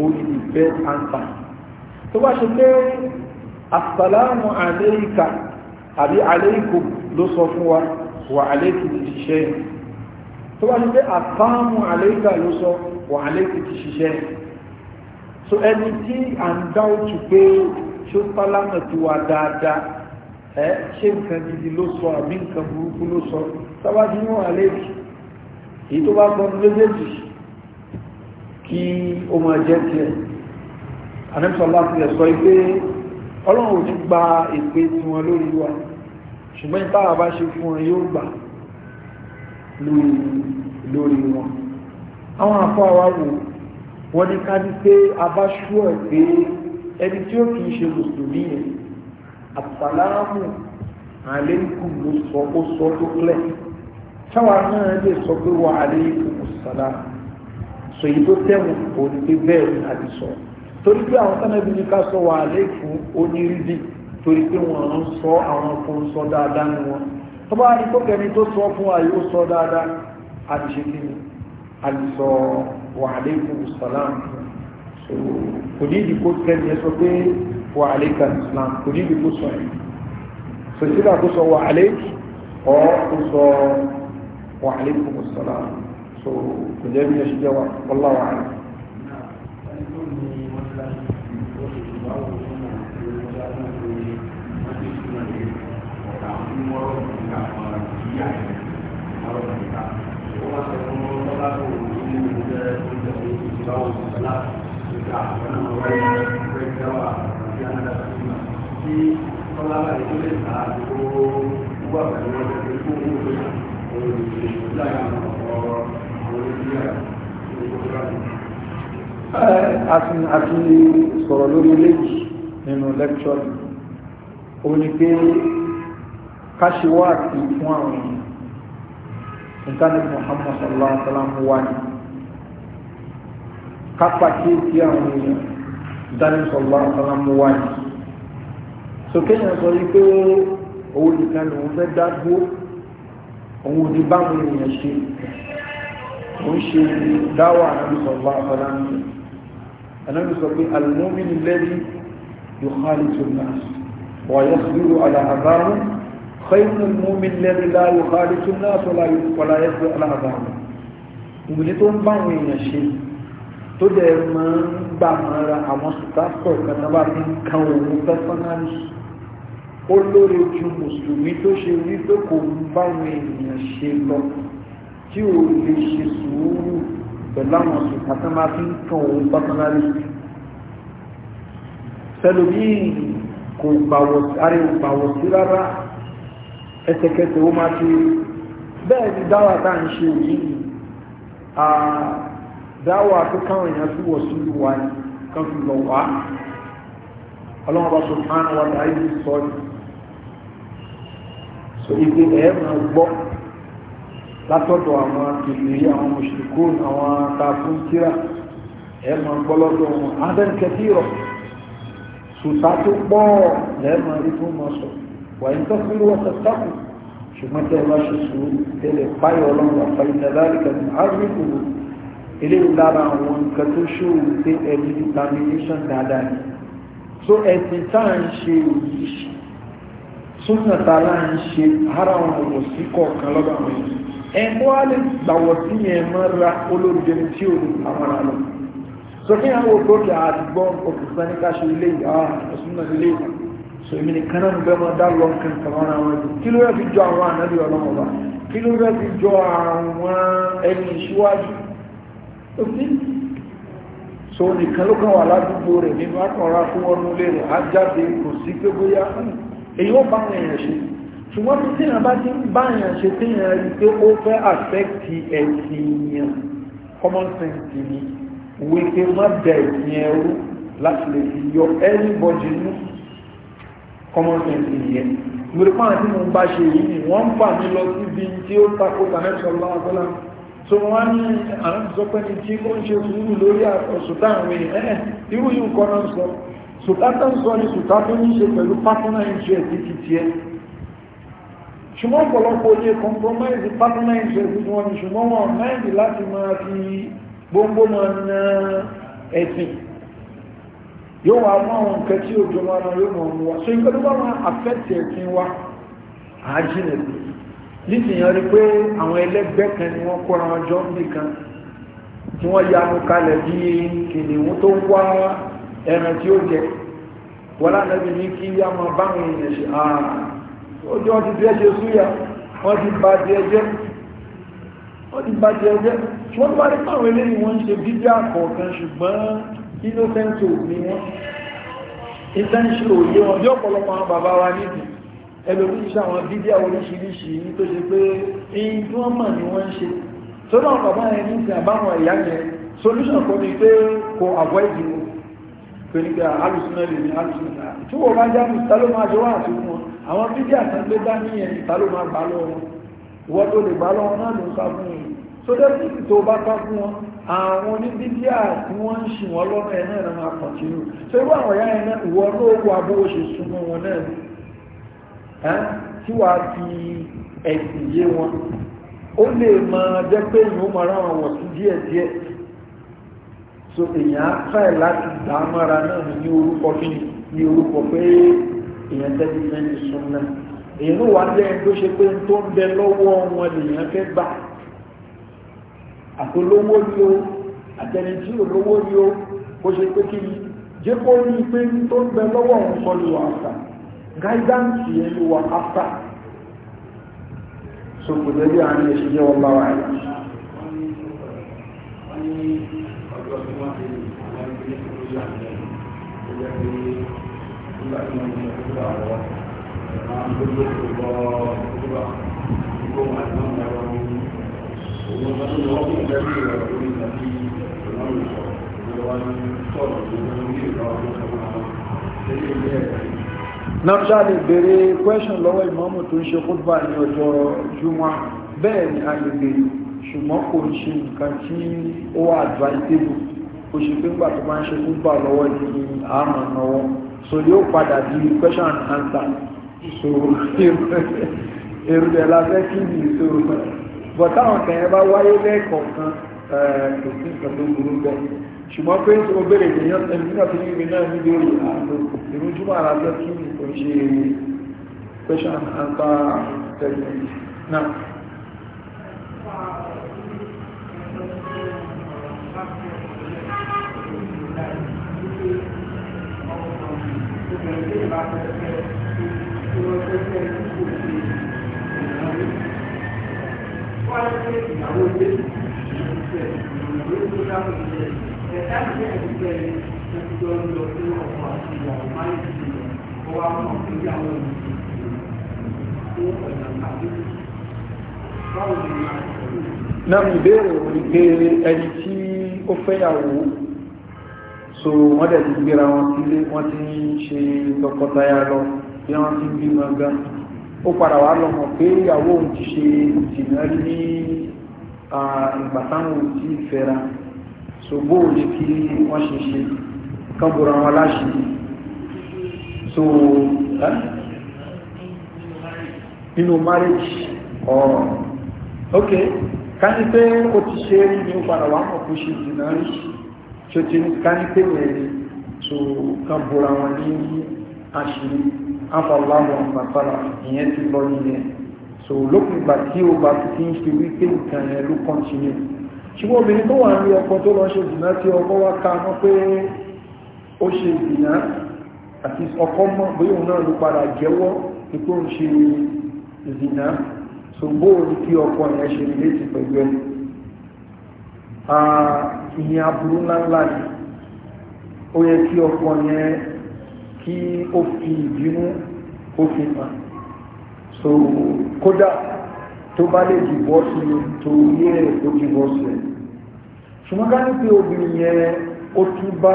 òun ni the best tó bá ṣe pé assalamu alayka àbí alaykum ló sọ fún wa wà alaykum ti ṣiṣẹ́ tó bá ṣe pé assalamu alayka ló sọ wà alaykum ti ṣiṣẹ́ so ẹni tí à ń dá òtù pé ṣó pálámọ̀ ti wà dáadáa ẹ ṣé nǹkan gidi ló sọ àbí nǹkan burúkú ló sọ sábàjú ní wà èyí tó bá gbọ́n méjèèjì kí ó máa jẹ́ tiẹ̀ anẹ́sọ̀lá ti lẹ̀ sọ pé ọlọ́run ti gba ìpè tiwọn lórí wa ṣùgbọ́n ìtawà bá ṣe fún wọn yóò gbà lórí wọn àwọn àpọ̀ àwárò wọ́n ní ká ní pé a bá ṣú ẹ̀ pé ẹni tí ó kìí ṣe mùsùlùmí yẹn àtàlámù àlékún ló sọ ó sọ tó klẹ̀ táwa náà lè sọ pé wà àlékún sàlá sọ èyí tó tẹ̀wọ̀n kò ní pé bẹ́ẹ̀ ni a ti sọ torí pé àwọn tánàbí ní ká sọ wà lè fún onírídì torí pé wọ́n ń sọ àwọn kan sọ dáadáa ní wọn tó bá ní kókẹni tó sọ fún àyè ó sọ dáadáa àti ṣe kí ni sọ wà lè fún islam kò ní ìdí kó ẹ sọ pé wà lè ka islam kò ní ìdí kó sọ ẹ̀ sọ sílá kó sọ wà lè ọ́ kó sọ wà lè fún islam kò jẹ́ bí ẹ ṣe jẹ́ wà wallahu a'lam wọ́n eh, ti ka àwọn ìyá yẹn lọ́rọ̀ àti sọ̀rọ̀ lórí léjì nínú lẹ́kṣọ́rì ó ní pé káṣe wá àti fún àwọn èèyàn ìtàní muhammad sallallahu alaihi wa sallam wà ní kápákí tí àwọn èèyàn ìtàní sallallahu alaihi wa sallam wà ní sókè yẹn sọ wípé owó nìkan lòun fẹ́ dá dúró òun ní báwọn èèyàn ṣe òun ṣe dáwà àdúsọ̀lá àfọláńtì anábìsọ̀ pé almomin lẹ́rí yóò hálì tó náà wà yẹ́ sílò àdáhàbárùn خير المؤمن الذي لا يخالف الناس ولا ولا يسبق على ظهره ìgbìlì tó ń bá àwọn èèyàn ṣe tó dẹ̀ máa ń gbà mọ́ra àwọn sùtásọ̀ kanáwà ní nǹkan òun pẹ́sọ́nálì ó lóore ju mùsùlùmí tó ṣe rí pé kò ń bá àwọn èèyàn ṣe lọ tí ò lè ṣe sùúrù pẹ̀lú àwọn fi kan òun pẹ́sọ́nálì sẹlòmíì kò gbàwọ̀ sáré gbàwọ̀ sí ẹsẹ̀kẹsẹ̀ ó máa fi bẹ́ẹ̀ ni dáwà tá à ń ṣe yìí ni dáwà tó káwọn èèyàn fi wọ̀ sí ìwà ni kan fi lọ wá ọlọ́run bá sọ fún àwọn ọ̀dà yìí sọ ni so ibi ẹ̀ máa gbọ́ látọ̀dọ̀ àwọn ìlérí àwọn mùsùlùkún àwọn tààfún kíra ẹ̀ máa gbọ́ lọ́dọ̀ wọn adẹ́nkẹ́tì rọ̀ sùtá tó pọ̀ lẹ́ẹ̀ máa rí fún wọn sọ̀rọ̀. وإن تصبروا وتتقوا شوف ما تهلاش السوء تلي قاي ولنظر فإن ذلك من عزم الأمور إليه دارا wọn كتوشو تي ẹni determination dáadáa ni so ẹ̀sìn tá à ń ṣe yìí súnà tá a ń ṣe ara wọn kò sí kọ̀ọ̀kan lọ́dọ̀ àwọn yìí ẹ̀kọ́ á lè gbàwọ̀ sí yẹn mọ́ra olóògbé tí ò ní àwọn àlọ́ so kí àwọn òkòkè àdìgbọ́n òkùnfẹ́ ní ká ṣe ilé ìyá ọ̀sùn náà so èmi nìkan náà bẹ́ẹ̀ máa dá lọ nǹkan kan wọn àwọn ẹbí kí ló yẹ fi jọ àwọn ànábì ọlọ́run ọba kí ló yẹ fi jọ àwọn ẹni ìṣíwájú òfin so nìkan ló kàn wà ládùúgbò rẹ̀ nínú akọ̀ọ̀rọ̀ akúwọ́nú lé rẹ̀ á jáde kò sí pé bóyá hmm, èyí ó bá àwọn èèyàn ṣe ṣùgbọ́n tí tíyàn bá ti ń bá èèyàn ṣe tíyàn rí pé ó fẹ́ àfẹ́kì ẹ̀sìn èèyàn common sense ni wípé má bẹ̀ẹ̀ ẹ̀sìn ẹrú láti lè fi yọ anybody nínú common sense nìyẹn lórúkọ àti mo bá ṣe yìí ni wọ́n ń fà mí lọ síbi tí ó takò tàbẹ́sọ̀lá àgbọ́lá so wọ́n á ní àwọn ìsọpẹ́ ni tí ó ń ṣe sùúrù lórí ọ̀sùtá àwọn èèyàn ẹ̀ irú yìí nǹkan náà sọ sùtá tó ń sọ ni sùtá tó ní ṣe pẹ̀lú partner interest ti tiẹ̀ ṣùgbọ́n ọ̀pọ̀lọpọ̀ olè compromise partner interest ti wọn ni ṣùgbọ́n ẹ̀sìn yóò wá mú àwọn nǹkan tí òjò máa ran yóò mọ̀ wọn so nǹkan tó bá wọn àfẹ́tì ẹ̀sìn wa àájìnà sí nísìnyàn rí pé àwọn ẹlẹ́gbẹ́ kan ni wọ́n kóra wọn jọ nìkan tí wọ́n yanu kalẹ̀ bí kìnìún tó ń wá ẹran tí ó jẹ wọ́n lánàá bí ní kí yá máa bá àwọn èèyàn ṣe ojú wọn ti bí ẹjẹ súyà wọ́n ti ba ti ẹjẹ́ wọ́n ti ba ti ẹjẹ́ wọ́n bá rí pàwọn eléyìí wọ́n ń ṣe bíbí àkọ̀ọ̀kan ṣùgbọ́n innocent ni wọ́n intention òye wọn bí ọ̀pọ̀lọpọ̀ àwọn bàbá wa níbi ẹlòmí iṣẹ́ àwọn bídíà oríṣiríṣi ní tó ṣe pé èyí tí wọ́n mọ̀ ni wọ́n ń ṣe tó náà bàbá yẹn ní ti àbáwọn ẹ̀yà yẹn solution kò ní pé kò avoid you pé ní pé alùsùnà lè ní alùsùnà tí wọ́n bá jáde ìta ló máa jọ wá àti fún wọn àwọn bídíà kan gbé dání yẹn ìta ló máa gbà lọ́wọ́ wọn tó lè gbà lọ́wọ́ náà ló ń sá fún wọn so definitely tó bá sá fún wọn àwọn oníbíbíà tí wọ́n ń ṣì wọ́n lọ́nà ẹ̀ náà náà máa kọ̀tínú tó irú àwọn ìyá ẹ̀nà ìwọ náà wọ abówó ṣe súnmọ́ wọn náà tí wà á fi ẹ̀sìn yé wọn ó lè máa jẹ́ pé ìhun máa ra àwọn wọ̀sí díẹ̀díẹ̀ so èèyàn á fẹ́ láti dá mára náà ní orúkọ kí ní orúkọ pé èèyàn tẹ́lẹ̀ fẹ́ ní súnmọ́ èèyàn wà lẹ́yìn tó ṣe pé tó ń bẹ lọ́wọ́ wọn lèèyàn fẹ́ gbà àtolówó ni ó àtẹni tí olówó ni ó bó ṣe pé kí ni jẹ́ kó rí pé tó ń bẹ lọ́wọ́ òun kọ́ ló wà áfà gáídáǹsì ẹ̀ wà áfà so kò lẹ́bí àárín ẹ̀ṣẹ̀ jẹ́ wọn lára ẹ̀. Thank you náà lè bèèrè kwẹ́ṣùn lọ́wọ́ ìmọ́mù tó ń ṣe kúrúbà ní ọjọ́ jùmọ́ bẹ́ẹ̀ ni a lè bèèrè ṣùgbọ́n kò ń ṣe nǹkan tí ó wà advisable kò ṣe pé gbà tó bá ń ṣe kúrúbà lọ́wọ́ ní àmà náwọ́ so yóò padà di question and answer so èrò ẹ̀ la fẹ́ kí ni ìṣòro bọ̀táwọn kẹ̀yẹ bá wáyé lẹ́ẹ̀kọ̀ọ̀kan kò sí nǹkan tó burú bẹ́ẹ̀ ṣùgbọ́n pé tí ó bèèrè èèyàn ẹni nígbà tí níbi náà níbi orí ààbò ìrújúmọ̀ ara jẹ́ kí ní kò ṣe question and answer segment Thank you. náà ìbéèrè wípé ẹni tí ó fẹ́yàwó so wọ́n dẹ̀ ti gbéra wọn sílé wọ́n ti ń ṣe tọkọtaya lọ bí wọ́n ti ń bímọ gan ó padà wà lọ́mọ pé ìyàwó òun ti ṣe ìdìnnà rí ní ìgbà táwọn ò tí ì fẹ́ra ṣògbó ò ní kí wọ́n ṣe ṣe kọ́bùrà wọn láṣì so nínú marriage ọ̀rọ̀ ok ká ní pé ó ti ṣe rí ní ó padà wà mọ̀ kó ṣe ìdìnnà rí ṣe ti ká ní pé wẹ̀rẹ̀ so kọ́bùrà wọn ní àṣírí afọláwọn àpàtàrà ìyẹn ti lọ nìyẹn so lópin ìgbà tí o bá ti ń fi wípé nǹkan yẹn ló kọ́ntínú ṣùgbọ́n obìnrin tó wà ní ọkọ tó lọ ṣe ìdìnà tí ọkọ wá ká mọ́ pé ó ṣe ìdìnà àti ọkọ mọ́ bóyá òun náà ló padà jẹ́wọ́ ipò ń ṣe ìdìnà so bóò ní kí ọkọ yẹn ṣe ilé ti pẹ̀lú ẹ̀ ah, ìyẹn aburú ńláńlá ni ó yẹ kí ọkọ yẹn kí ó fi ìbínú ó fi hàn so kódà tó bá lè jìbọ́ sí yé ẹ̀ ó jìbọ́ sí ẹ̀ ṣùgbọ́n ká ní pé obìnrin yẹn ó túbá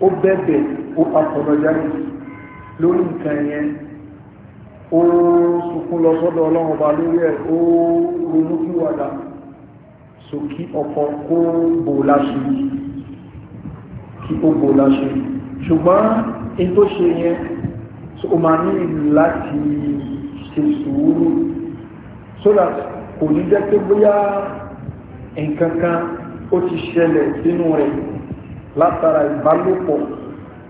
ó bẹ̀bẹ̀ ó apọ̀lọ́jáde lórí nǹkan yẹn ó sunkún lọ sọ́dọ̀ ọlọ́run ọba lórí ẹ̀ ó ronú kí wàdà sókí ọkọ̀ kó bò láṣe kí ó bò láṣe ṣùgbọ́n in tó ṣe yẹn so o máa ní láti ṣe sùúrù so that kò ní jẹ́ pé bóyá nǹkan kan ó ti ṣẹlẹ̀ sínú rẹ̀ látara ìbálòpọ̀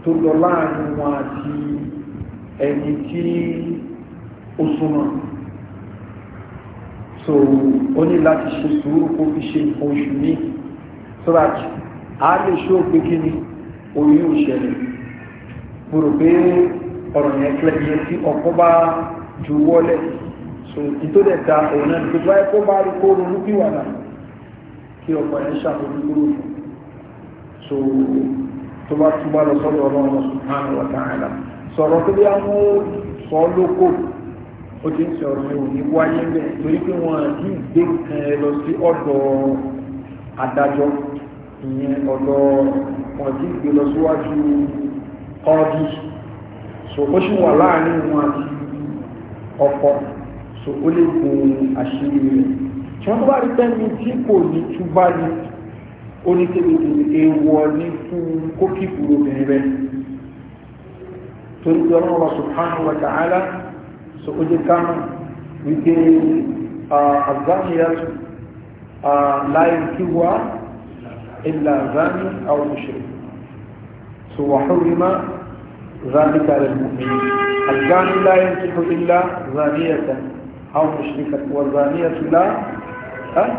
tó lọ láàrin wọn àti ẹni tí ó súnmọ́ so ó ní láti ṣe sùúrù kó fi ṣe nǹkan oṣù ní so that a lè ṣe òpin kí oyún ò ṣẹlẹ̀ mo rò pé ọ̀rọ̀ yẹn kílẹ̀ yẹn tí ọkọ bá ju wọ́lẹ̀ so ìtòdẹ̀ ta òun náà tó bá ẹkọ bá rí kó ronú bí wàdà kí ọkọ yẹn ṣàkóso kúrò so tó bá túbọ̀ lọ sọ́dọ̀ ọlọ́run subhanahu wa ta'ala sọ̀rọ̀ tó bí àwọn sọ lóko ó ti ń sọ̀rọ̀ mi ò ní wáyé bẹ́ẹ̀ torí pé wọ́n ti gbé nǹkan ẹ lọ sí ọ̀dọ̀ adájọ́ ìyẹn ọ̀dọ̀ wọ́n ti gbé lọ síwájú kọ́ọ̀dì so ó ṣì wà láàrin wọn àti ọkọ so ó lè gun àṣírí rẹ̀ tí wọ́n tó bá rí pẹ́ni tí kò ní túbá ní oníkébèké èèwọ̀ ní fún kókìkù obìnrin rẹ̀ torí pé ọlọ́run wa subhanahu wa ta'ala so ó jẹ́ kánú wípé àzáníyàtú láyé kí wá ilà àzáni àwọn òṣèré so wà hórìmá ذلك على المؤمنين الزاني لا ينكح إلا زانية أو مشركة والزانية لا أه؟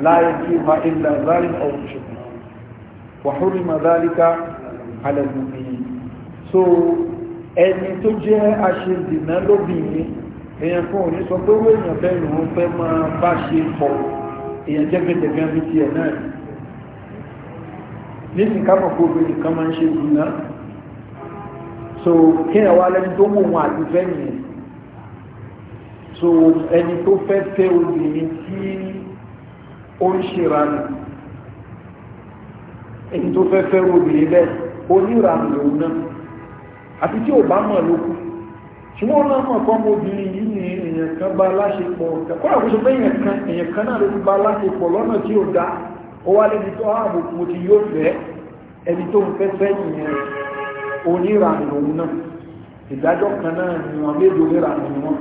لا ينكحها إلا ظالم أو مشرك وحرم ذلك على المؤمنين so ẹni tó jẹ́ aṣèdìnà lóbìnrin èèyàn fún òní sọ pé owó èèyàn bẹ́ẹ̀ lòun fẹ́ máa bá ṣe pọ̀ èèyàn jẹ́ gbẹ̀dẹ̀gbẹ̀ bí tiẹ̀ náà nísìnyí ká mọ̀ pé obìnrin kan máa ń ṣe ìdìnà so kí ẹ wá lẹ́ni tó mú wọn àti fẹ́ nìyẹn so ẹni tó fẹ́ fẹ́ obìnrin tí ó ń ṣèrànà ẹni tó fẹ́ fẹ́ obìnrin bẹ́ẹ̀ onírànà lòun náà àti tí ò bá mọ̀ ló ṣùgbọ́n náà mọ̀ fọ́ obìnrin yìí ni èèyàn kan bá láṣepọ̀ kọ́nà kó sọ pé èèyàn kan èèyàn kan náà ló bá láṣepọ̀ lọ́nà tí ó dá ó wá lẹ́ni tó ààbò ah, ti yóò fẹ́ ẹni tó ń fẹ́ fẹ́ nìyẹn oníranù òun náà ìdájọ́ kan náà ni wọ́n méjì oníranù ni wọ́n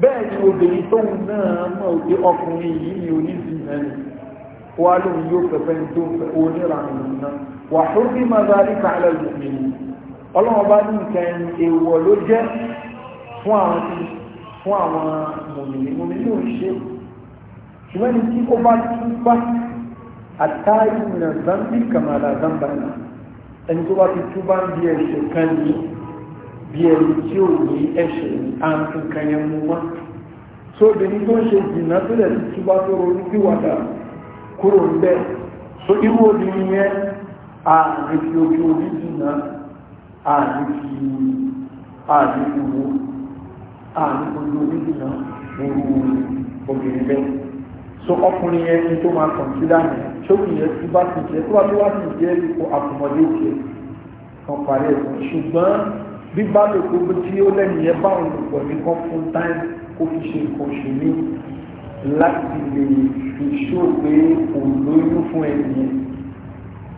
bẹ́ẹ̀ ni obìnrin tóun náà mọ̀ pé ọkùnrin yìí ni oníṣìnà ni wà lóun yóò fẹ́fẹ́ tó oníranù òun náà wà fún bí mazari kàlẹ́ lùmìnì ọlọ́wọ́n bá ní nǹkan èèwọ̀ ló jẹ́ fún àwọn àtàrí ìrìnà zambi kàmàlà zambana ẹni tó bá ti tú bá ń bí ẹ̀ṣẹ̀ kan ní bí ẹni tí ò ní ẹ̀ṣẹ̀ ní àǹkankan yẹn mú wá so obìnrin tó ń ṣe jìnnà tó lẹ̀ ti tú tó ronú bí wàdà kúrò ń bẹ́ so irú obìnrin yẹn ààrẹ fi ojú orí jìnnà ààrẹ fi ààrẹ fi wo ààrẹ ojú orí jìnnà lórí obìnrin bẹ́ẹ̀ so ọkùnrin yẹn ni tó máa kọ̀ǹsídà nìyẹn ṣókù yẹn ti bá ti jẹ tó bá ti wá ti jẹ ipò àtùmọ̀lé jẹ kan parí ẹ̀ fún ṣùgbọ́n bíbá lè kó tí ó lẹ́yìn yẹn báwọn olùkọ́ ní kan fún táìmù kó fi ṣe nǹkan oṣù ní láti lè fi ṣóògbé olóyún fún ẹnìyẹn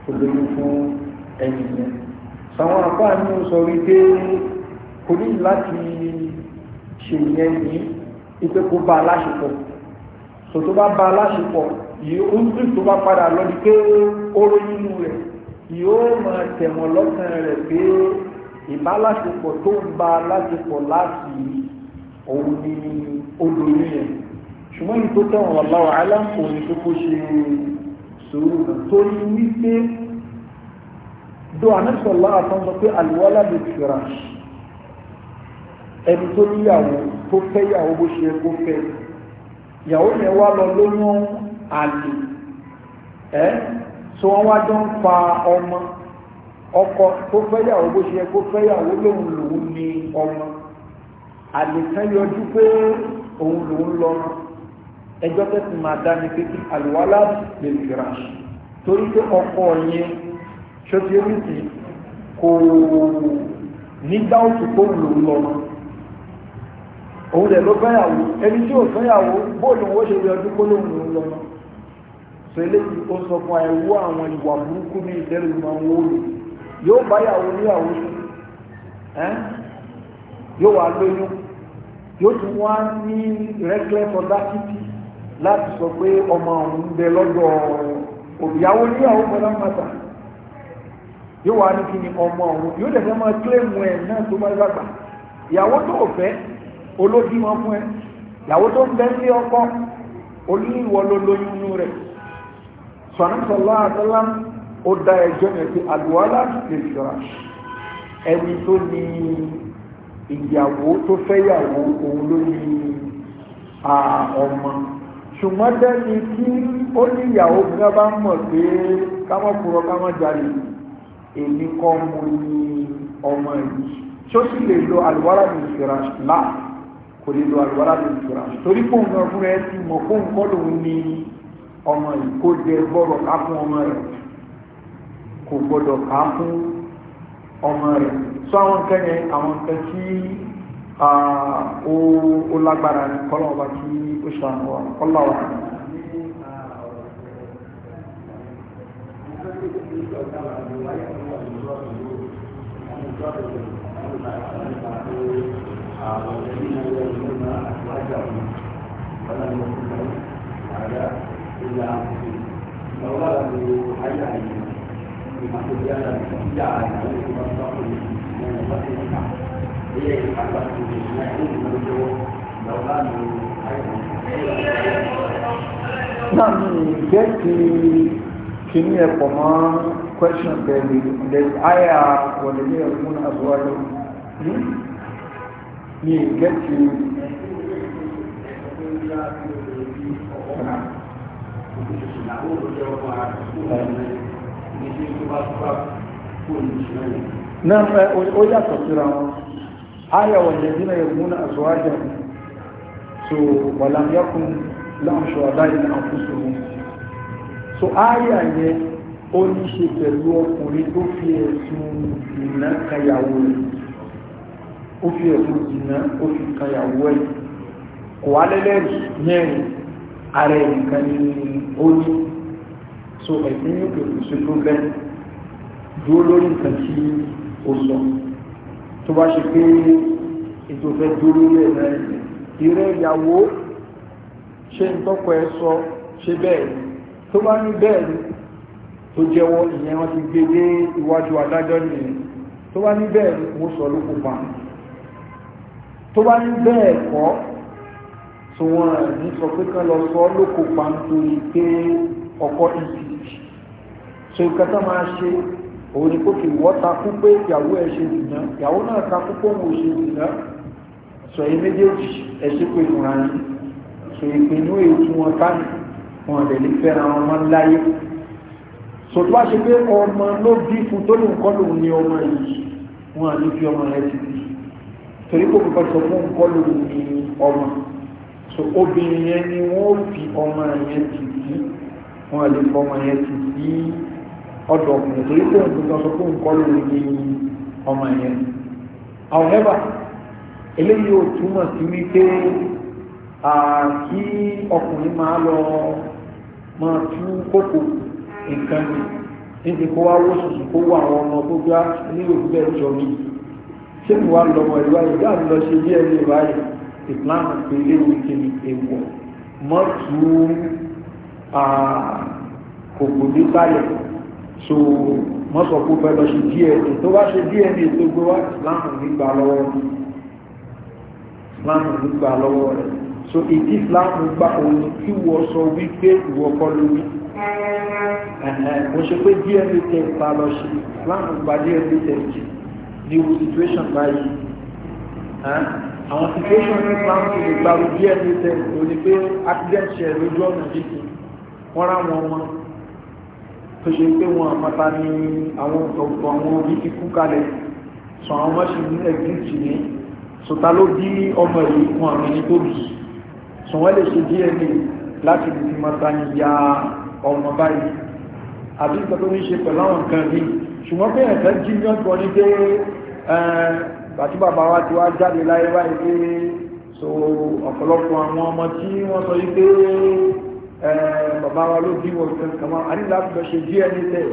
olóyún fún ẹnìyẹn sàwọn àpáàní ó sọ wípé kò ní láti ṣèyẹn ní ipe kó bá aláṣepọ̀ sọ tó bá bá aláṣepọ̀ yóò ń tó bá padà lọ bí pé oró nínú rẹ̀ yóò máa tẹ̀wọ̀n lọ́kàn rẹ̀ pé ìbálàṣepọ̀ tó ń ba aláṣepọ̀ láti òun ni olóyún yẹn ṣùgbọ́n ní tó tẹ̀wọ̀n ọ̀làwọ̀ aláǹkóni tó kó ṣe sùúrù náà torí wípé do anẹ́sọ̀lá àtọ́sọ pé àlùwálà lè tìrà ẹni tó níyàwó tó fẹ́ yàwó bó ṣe kó fẹ́ yàwó yẹn wá lọ lóyún àlè ẹ́ so wọ́n wá jọ ń fa ọmọ ọkọ tó fẹ́yàwó bó ṣe yẹ kó fẹ́yàwó lòun lòun ni ọmọ àlè kan yọjú pé òun lòun lọ́nà ẹjọ́ tẹ́sí máa dá ní pé kí àlùwálá lè fìrà torí pé ọkọ yẹn ṣọ́tí oríṣi kò nígbà òtún tó lòun lọ́nà òun lè ló fẹ́yàwó ẹni tí ò fẹ́yàwó bóòlù wọ́n ṣe yọjú kó lòun lòun lọ́nà sọ eléyìí ó sọ fún ẹwú àwọn ìwà burúkú ní ìdẹ́rù máa ń wó lò yóò báyàwó níyàwó sùn yóò wá lóyún yóò tún wá ní reckless audacity láti sọ pé ọmọ òun bẹ lọ́dọ̀ òbíyàwó níyàwó pẹ̀lú àmàtà yóò wá ní kí ni ọmọ òun yóò dẹ̀ fẹ́ máa claim ẹ̀ náà tó bá dàgbà ìyàwó tó ò fẹ́ olójú wọn fún ẹ ìyàwó tó ń bẹ́ sí ọkọ oníwọ̀ ló lóyún rẹ̀ sọ̀nàmùsọ̀lá àtàlá ó dá ẹjọ́ yẹn pé àdùwálá lè fìrà ẹni tó ní ìyàwó tó fẹ́yàwó òun ló ní ọmọ ṣùgbọ́n dẹ́ni tí ó ní ìyàwó bí wọ́n bá mọ̀ pé kámọ́ kúrọ́ kámọ́ jalè èmi kọ́ mo ní ọmọ yìí tí ó sì lè lo àdùwálá lè fìrà láà kò lè lo àdùwálá lè fìrà torí pòun náà fúnra ẹ ti mọ̀ fóun kọ́ lòun ní ọmọ yìí kó jẹ gbọ́dọ̀ ká fún ọmọ rẹ̀ kò gbọ́dọ̀ ká fún ọmọ rẹ̀ sọ àwọn nǹkan àwọn nǹkan tí ó lágbára ní kọ́lọ́ọ̀bá tí ó ṣàánú wa kọ́lọ́ọ̀wá. Now get láti ayé àyè ìmàkòjì àyà ìyá àyà ìyá ìgbà tó kọ ní ìyá ìgbà tó kọ question bẹ́ẹ̀ni ǹdẹ́ àyà wọlé ní ẹ̀kún àbúrò ní ìgbẹ́ ti. you náà ó yàtọ̀ síra wọn ayà wọ̀nyẹ̀ nínú ẹ̀gbọ́n àzọ́wájà so wàlàmíọ́kùn láàṣọ́ àdáyé náà fún sọ́wọ́ so ayà yẹ ó ní ṣe pẹ̀lú ọkùnrin tó fi ẹ̀sùn ìná kayàwó rẹ̀ ó fi ẹ̀sùn ìná ó fi kayàwó ẹ̀ kò wálẹ́lẹ́rì mẹ́rin ara ẹnìkan ní ojú so ẹ̀sìn ní òkè òṣù tó bẹ́ẹ̀ dúró lórí nǹkan tí ó sọ tó bá ṣe pé ètò fẹ́ dúró lórí ẹ̀ náà ìrẹ́ ìyàwó ṣe ń tọ́kọ ẹ sọ ṣe bẹ́ẹ̀ ni tó bá ní bẹ́ẹ̀ ni tó jẹ́wọ́ ìyẹn wọ́n ti gbé dé iwájú adájọ́ nìyẹn tó bá ní bẹ́ẹ̀ mo sọ ló kópa tó bá ní bẹ́ẹ̀ kọ́ tí wọ́n ní sọ pé kán lọ sọ lóko pa nítorí pé ọkọ ìsìnkì so nǹkan tó máa ṣe òun ni kò kì í wọ́n takú pé ìyàwó ẹ̀ ṣe dìnnà ìyàwó náà takú pé òun ò ṣe dìnnà sọ yìí méjèèjì ẹ̀ ṣe pé ìmúra yìí sọ ìpinnu èyí tí wọ́n bá ní wọn lè ní fẹ́ àwọn ọmọ láyé sọtú wá ṣe pé ọmọ ló bí fún tó ní nǹkan lòun ní ọmọ yìí wọn à ní fi ọmọ rẹ ti bí torí kò kò sọ fún nǹkan lòun ní ọmọ so obìnrin yẹn ni wọ́n fi ọmọ yẹn ti sí wọ́n lè fọ ọmọ yẹn ti sí ọ̀dọ̀ ọkùnrin torí pé òun tó sọ pé òun kọ́ lórí yẹn ọmọ yẹn however eléyìí ò túmọ̀ sí wípé kí ọkùnrin máa lọ máa tú kókò nǹkan mi níbi kó wá wó sùsù kó wá àwọn ọmọ tó gbá ní òkú bẹ́ẹ̀ jọ mi ṣé mi wá lọ́mọ ìwà ìgbà mi lọ ṣe bí ẹni ìwà yìí islam pé léwu kìíní ewọ mọ́tù kòkò ní báyẹ̀ so mọ́sọ̀ kó fẹ́ lọ ṣe dna tó bá ṣe dna tó gbé wá islam nígbà lọ́wọ́ islam nígbà lọ́wọ́ rẹ̀ so ìdí islam gba òun tí wọ́n sọ wípé ìwọ kọ́ lórí mo ṣe pé dna test ta lọ ṣe islam gba dna test ní situation báyìí àwọn situation ní sáńtì lè gbàrú díẹ̀ ní tẹ̀ òní pé accident ṣe lójú ọ̀nà jíjìn wọ́n rá wọn wọn tó ṣe pé wọn àmọ́ta ní àwọn ọ̀tọ̀ àwọn òbí ti kú kalẹ̀ sọ àwọn ọmọ ṣì ní exit ní sọta ló bí ọmọ yìí kún àwọn ẹni tó bì sọ wọn lè ṣe DNA láti lè fi mọ́ta ní ya ọmọ báyìí àbí ìgbà tó ní ṣe pẹ̀lú àwọn nǹkan yìí ṣùgbọ́n pé ẹ̀fẹ́ jí àti bàbá wa ti wá jáde láyé báyìí pé so ọ̀pọ̀lọpọ̀ àwọn ọmọ tí wọ́n sọ yí pé bàbá wa ló bí wọn kan kàmá a ní láti lọ ṣe díẹ̀ nílẹ̀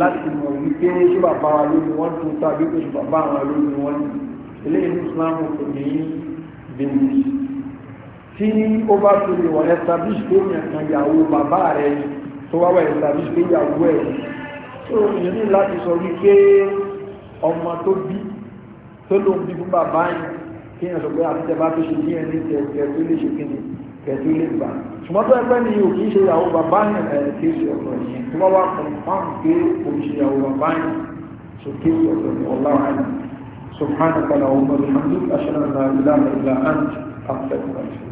láti mọ̀ wípé ṣé bàbá wa ló ni wọ́n tún tàbí pé ṣe bàbá wa ló ni wọ́n ní eléyìí ní Islam kò ní bèbí tí ó bá tó lè wọ̀ establish pé èèyàn kan ìyàwó bàbá rẹ̀ tó wá wọ̀ establish pé ìyàwó ẹ̀ tó yẹ ní láti sọ wípé ọmọ tó bí tó ló ń bí fún bàbá yìí kí èèyàn sọ pé àtijọ́ bá tó ṣe ní ẹni tẹ̀ tó lè ṣe kíni tẹ̀ tó lè gbà ṣùgbọ́n tó ẹgbẹ́ ni yóò kì í ṣe ìyàwó bàbá yìí ẹ̀ kì í ṣe ọ̀tọ̀ yìí tó bá wà fún fáwọn pé kò ń ṣe ìyàwó bàbá yìí so kì í ṣe ọ̀tọ̀ ni wallahu a'lam subhanaka allahumma wa bihamdika ashhadu an la ilaha illa anta astaghfiruka